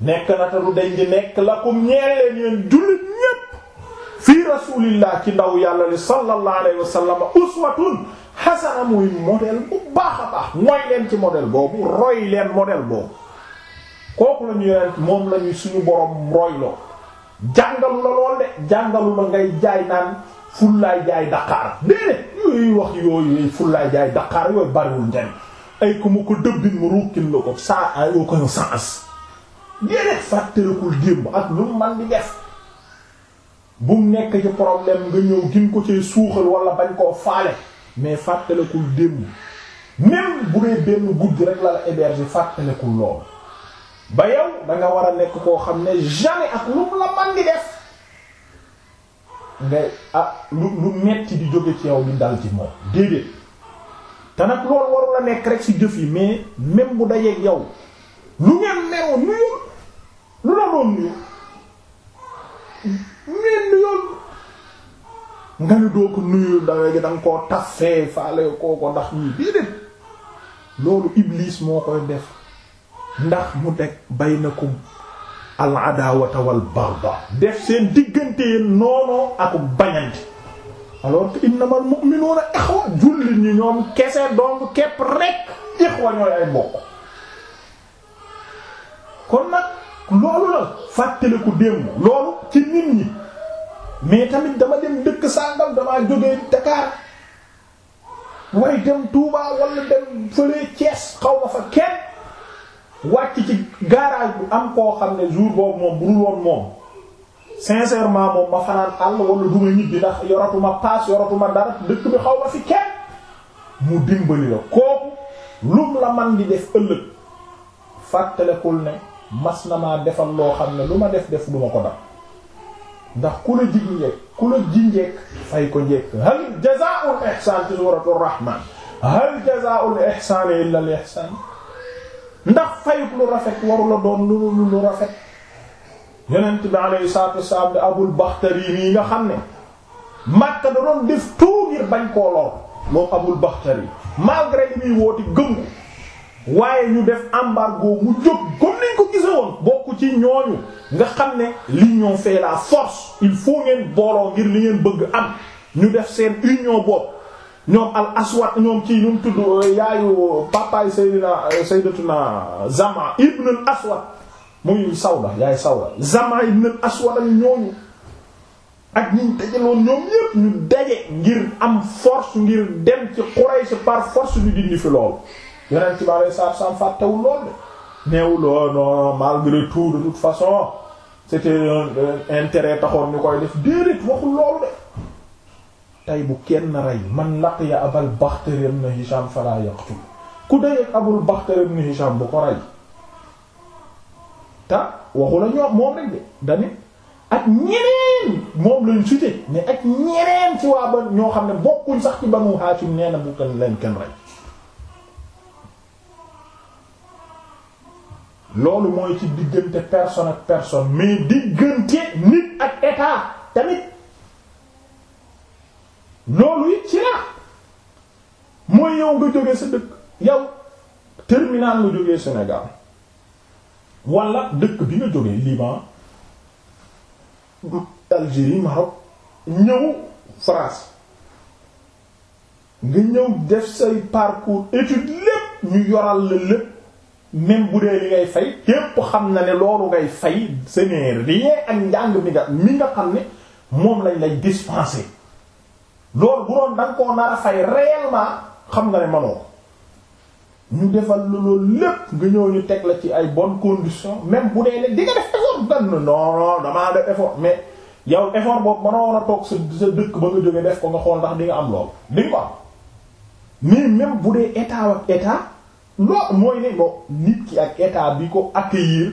nekk na te lu deñ di nekk lakum ñeeleen yeen jullit ñépp fi rasulillah ci ndaw yàlla li sallallahu alayhi wa sallam muy modèle bu baax a baax mooy leen ci modèle boobu roy leen modèle boobu kooku la ñu moom la suñu borom royloo jàngalu la lool jàngalu la ngay jaay naan fullaay jaay daqaar déedéet yooyu wax yooyu fullaay jaay daqaar yooyu bariwul njariñ ay ku ma ko dëbbin mu ruukin la ko saa ay yoo koy sens déedéet fàttalekul démb ak lu mu man di def bu mu nekk ci problème nga ñëw gin ko ci suuxal wala bañ koo faale mais fàttalekul démb même bu dee benn guddi rek la la héberger fàttalekul lool ba yow da war a nekk koo xam ne jamais ak lu mu la man di def ngay ah lu lu metti di jóge ci yow di dal ci moom déedéet te nag loolu waru la nekk rek ci jëf yi mais même bu dajeeg yow lu ngeen meroon nuyu lu la nga ne doo ko nuyu dawee danga koo taffee faale koo ko ndax ñii déedéet loolu Iblis moo koy def ndax mu bay na baynakum al adaawata wal def seen diggante yeen noonoo ak bañante alors que innamal mu'minuuna ixwa jullit ñi ñoom kese donc képp rek ixwa ñooy ay mbokk kon nag loolu la fàttaliku démb loolu ci nit ñi mais tamit dama dem dëkk sàngam damaa jógee Dakar way dem Touba wala dem fële Thiès xaw ma kenn wàcc ci garage bi am koo xam ne jour boobu moom bu dul woon moom sincèrement moom ma fanaan àll wala duma ñibbi ndax yoratuma paas yoratuma dara dëkk bi xaw ma fi kenn mu dimbali la kooku lum la man di def ëllëg fàttalekul ne mas na maa defal loo xam ne lu ma def def duma ko dal ndax ku la jig njekk fay ko njekk hal jazaa'ul ihsaan ci suuratu rahmaan hal jazaa'ul ihsaan illa al ihsaan ndax fayut lu rafet warula doon lu lu rafet yonent bi alayhi salaatu wassalaam bi abul baxtari nii nga xam ne Makka da doon def tout ngir bañ koo lool moom abul baxtari malgré li muy wooti gëm ko waaye ñu def embargo mu jóg comme niñ ko gise woon bokk ci ñooñu nga xam ne l'union fait la force il faut ngeen booloo ngir li ngeen bëgg am ñu def seen union bopp ñoom al aswat ñoom ci ñu tudd euh, yaayu papaay sayyidina euh, sayyidatuna Zama ibn al aswat muy Sawda yaay Sawda Zama ibn al aswat ak ñooñu ak ñu ñu daje ngir am force ngir dem ci Quraysh par force ñu dindi fi loolu yeneen ci bari saab saab fàttewul lool de neewul non malgré tout de toute façon c'était un intérêt taxoon ñu koy def déedéet waxul loolu de tey bu kenn rey man laqiya abal Bakhtari ibn Hisham fala yaqtul ku dajeek abul Bakhtari ibn Hisham bu ko rey te waxu ñoo moom rek de dañu ak ñeneen moom lañ cité mais ak ñeneen ci waa ba ñoo xam ne bokkul sax ci Banu Hashim nee na bu kenn leen kenn rey loolu mooy ci diggante person ak personne mais diggante nit ak état tamit loolu it ci la mooy yow nga jógee sa dëkk yow terminal nga jógee Sénégal wala dëkk bi nga jógee Liban Algérie Maroc ñëw France nga ñëw def say parcours étude lépp ñu yoral la lépp même bu dee ngay fay képp xam na ne loolu ngay fay ce n'est rien ak njàng mi nga mi nga xam ne moom lañ lay dispenser loolu bu doon da nga koo nar a fay réellement xam nga ne manoo ñu defal loolu lépp nga ñëw ñu teg la ci ay bon conditions même bu dee ne di nga def effort dan non damaa def effort mais yow effort boobu mënoon a toog sa sa dëkk ba nga jógee def ko nga xool ndax di am loolu di nga ko am mais même bu dee état ak état loolu mooy ne bo nit ki ak état bi ko accueillir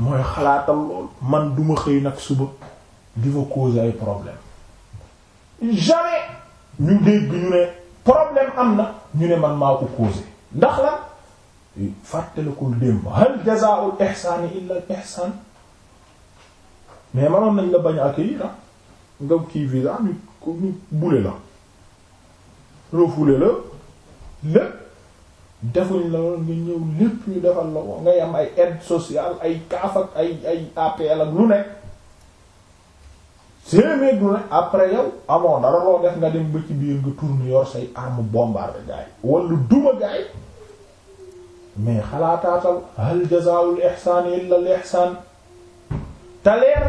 mooy xalaatal lool man duma xëy nag suba di fa cause ay problème jamais ñu dégg ñu ne problème am na ñu ne man maa ko causé ndax la fàttalikul démb hal jazaa'ul ihsaani illa ihsaan mais manoon nañ la bañ a accueillir ah nga kii visa ñu ñu bule la refoulé la lépp defuñ la woon nga ñëw lépp ñu defal la ko ngay am ay aide sociale ay kaaf ak ay ay APL ak lu nekk téeméer du ne après yow amoon dara loo def nga dem ba biir nga tourne yor say arme bombarde gaay wala duma gaay mais xalaataatal hal jazaa'ul ihsaan illa al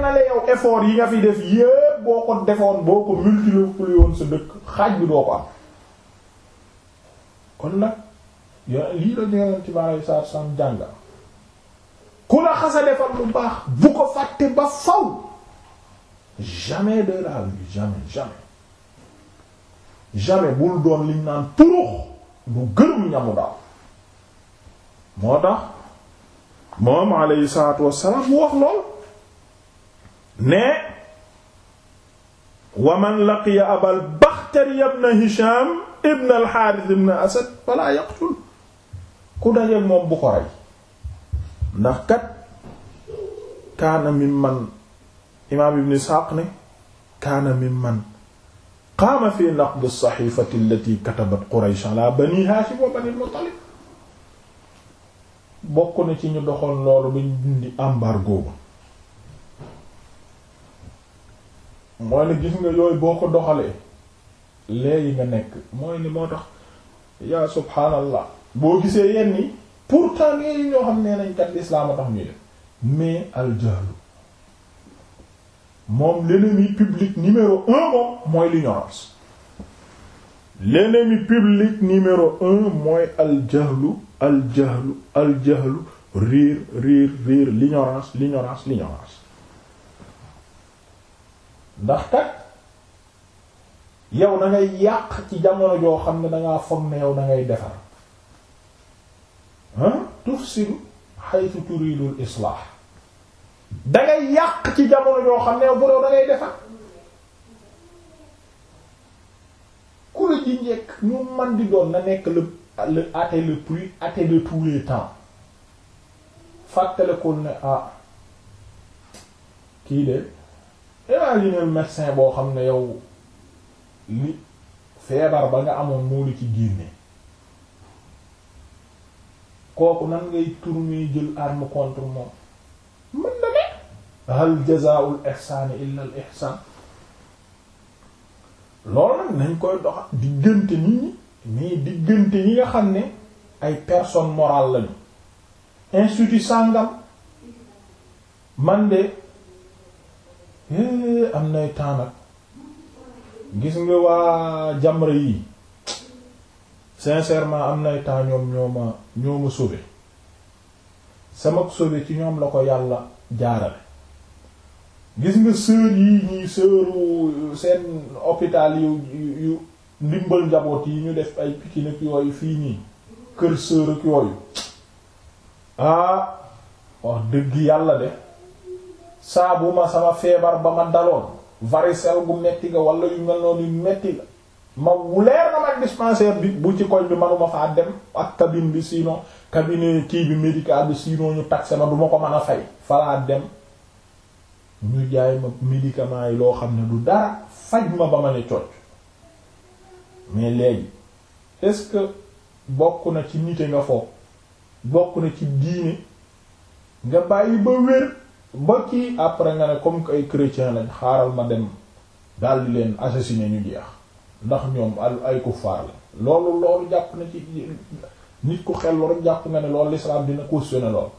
na la yow effort yi nga fi def yépp boo ko defoon boo ko multiplier woon sa dëkk xaaj bi doo ko am kon nag yo- lii la ñëwee ci maanaam saa su am jàngal ku la xasa defal lu baax bu ko fàtte ba faw jamais de la vie jamais jamais jamais bul doon liñ naan turux bu gërëm ñamu daal moo tax moom alayhi salaatu wassalaam bu wax hisham ibn al harith ibn asad fala yaqtul ku dajeek moom bu ko rey ndax kat kaana mimman imaam ibn Isxaaq ne kaana mimman qaama fi naqd as-saxiifati allati katabat Quraysh ala bani Haashim wa bani al bokk na ci ñu doxoon loolu ba ñu dindi embargo mooy ne gis nga yooyu boo ko doxalee léegi nga nekk mooy ni moo tax yaa subhaanallah boo gisee yenn yi pourtant yooyu ñoo xam nee nañ kat lislaam a tax ñu def mais al moom l'ennemi public numéro un mooy l'ignorance l'ennemi public numéro un mooy aljahlu aljahlu aljahlu riir riir riir l'ignorance l'ignorance l'ignorance ndax kat yow da ngay yàq ci jamono joo xam ne dangaa foog ne yow da ngay defar ah tufsidu haythu turidul da yàq ci jamono yoo xam ne yow bu da ngay defar ku la ji njëkk ñu man di doon na nekk le le athée le plus athée de tous temps fàttalekul ne ah kii de imagine médecin boo xam ne yow li feebar ba nga amoon moo lu ci génne kooku nan ngay tourner jël arme contre moom hal jazaa'ul ihsaani illa al ihsaan loolu nag nañ koy doxa diggante nit ñi mais diggante ñi nga xam ne ay personne morale lañu institut sàngam man de eh, am nay temps nag gis nga waa Jamra yi sincèrement am nay temps ñoom ñoo ma ñoo ma sauvé sama sauvé ci ñoom la ko yàlla jaarale gis nga sœur yi ñuy sœuru euh, seen hôpital yu yu ndimbal njaboot yi ñu def ay Pikine yooyu fii nii kër sœur ak yooyu ah wax dëgg yàlla de saabu ma sama feebar ba ma daloon varisel bu metti nga wala yu mel noonu yu metti ga ma wuleer na ma dispensaire bi bu ci koñ bi manuma faa dem ak cabine bi sinon cabinet kii bi médical bi sinon ñu taxe ma du ma ko mën a fay falaa dem ñu jaay ma médicament yi loo xam ne du dara faj ma ba ma ne cocc mais léegi est-ce que bokk na ci nite nga foofu bokk na ci diine nga bàyyi ba wér ba kii après nga ne comme que ay chrétien lañ xaaral ma dem daal di leen assassiner ñu jeex ndax ñoom ay kuffaar la loolu loolu jàpp na ci nit ku xel rek jàpp nga ne loolu l'islam dina cautionner lool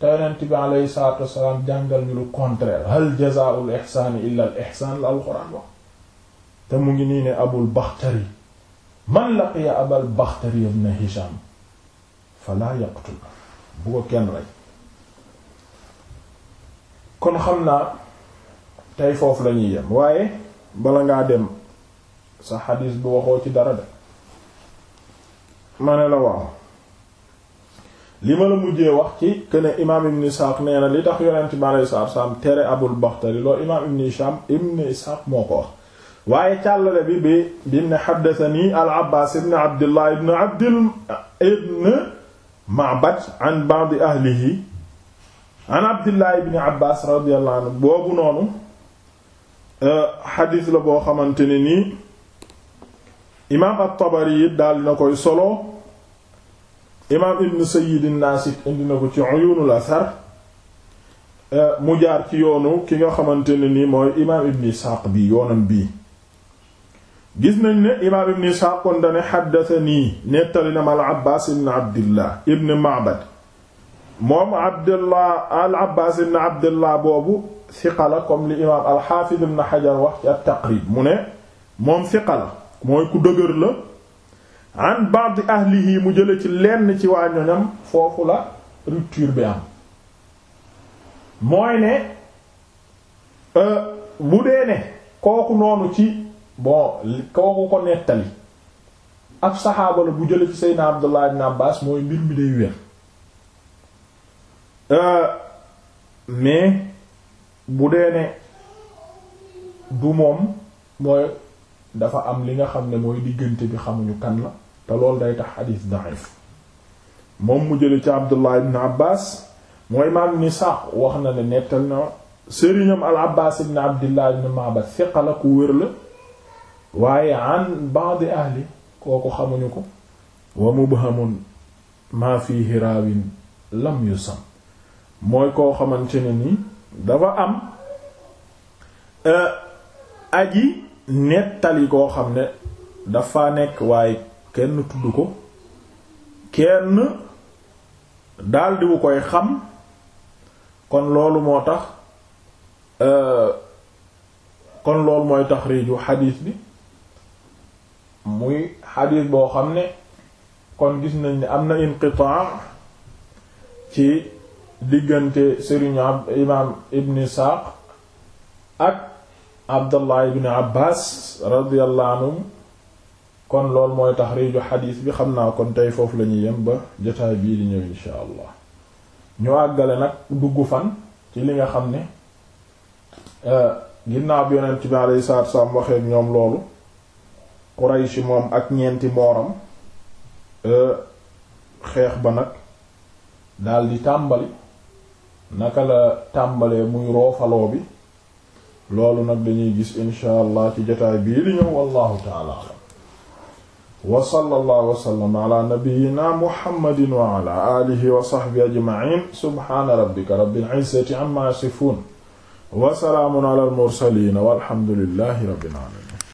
te yonent bi alayhi salaatu wassalaam jàngal ñu lu contraire hal jazaa'ul ihsaani illa alxuraan wax te mu ngi nii ne abul baxtari man laqiya abal baxtari ibn hisham fala yaqtul bu ko kenn rey kon xam naa tey foofu lañuy yem waaye bala ngaa dem sa xadiis bu waxoo ci dara de ma ne la waaw li ma la mujjee wax ci que ne imaam ibn Isxaaq nee na li tax yonent bi alayhi salaatu salaam tere Abul Baxtari loolu imaam ibn Hishaam moo ko wax waaye càllale bi bi bi ne xaddatani al Abbaas ibn Abdullah ibn Abdil ibn Ma'bad an ba'di an Abdullah ibn Abbaas radiyallahu anhu boobu noonu xadiis euh, la boo xamante ne nii imaam at-Tabari daal na koy solo imaam ibn Sayyid an-Nasik indi na ko ci Uyunul Athar eh, mu jaar ci yoonu ki nga xamante ne nii mooy imaam ibn Ishaq bi yoonam bii gis nañ ne imaam ibn Ishaq kon dane xaddathanii nettali na ma al-Abbaas ibn Abdillah ibn Ma'bad moom Abdullah al-Abbaas ibn Abdillah boobu siqa la comme li imaam al ibn Hajar wax ci at-Taqrib mu ne moom siqa la mooy ku dëgër la an ba'd ahlihi mu jële ci lenn ci waa ñoñam foofu la rupture bi am mooy ne euh, bu dee ne kooku noonu ci bon kooku ko nettali ab saxaaba bu jële ci Seydina Abdullah ibn Abbas mooy mbir mi day wér euh, mais bu dee ne du moom mooy dafa am li nga xam ne mooy diggante bi xamuñu kan la te loolu day tax xadiis da'if moom mu jële ci Abdullah ibn Abbas mooy imaam Ibn Isaaq wax na ne nettal na sëriñam al Abbas ibn Abdullah ibn Ma'bad thiqa la ku wér la waaye an ba'd ahli kooku xamuñu ko wa mubhamun maa fihi raawin lam yusam mooy koo xamante ni dafa am euh, aji nettali koo xam ne dafa nekk waaye kenn tudd ko kenn daldi wu koy xam kon loolu moo tax euh, kon loolu mooy taxriiju xadiis bi muy xadiis boo xam ne kon gis nañ ni am na inqitaa ci diggante sëriñu imaam ibn Isaaq ak abdallah ibn abbas radiyallahu anhum kon loolu mooy taxriiju xadiis bi xam naa kon tey foofu la ñuy yem ba jotaay bii di ñëw insha allah ñu àggale nag dugg fan ci li nga xam ne euh, ginnaaw bi yonent ci alayhi salaatu wassalaam waxee ñoom loolu Quraysh moom ak ñeenti mooram euh, xeex ba nag daldi tàmbali naka la tàmbalee muy roofaloo bi loolu nag dañuy gis insha allah ci jotaay bii li ñëw wallahu taala alam wa sallallahu wa sallam ala nabiyyina muhammadin wa ala alihi wa sahbihi ajma'in subhana rabbika rabbil izzati amma yasifun wa salaamun ala al mursalin walhamdulillahi rabbil alamin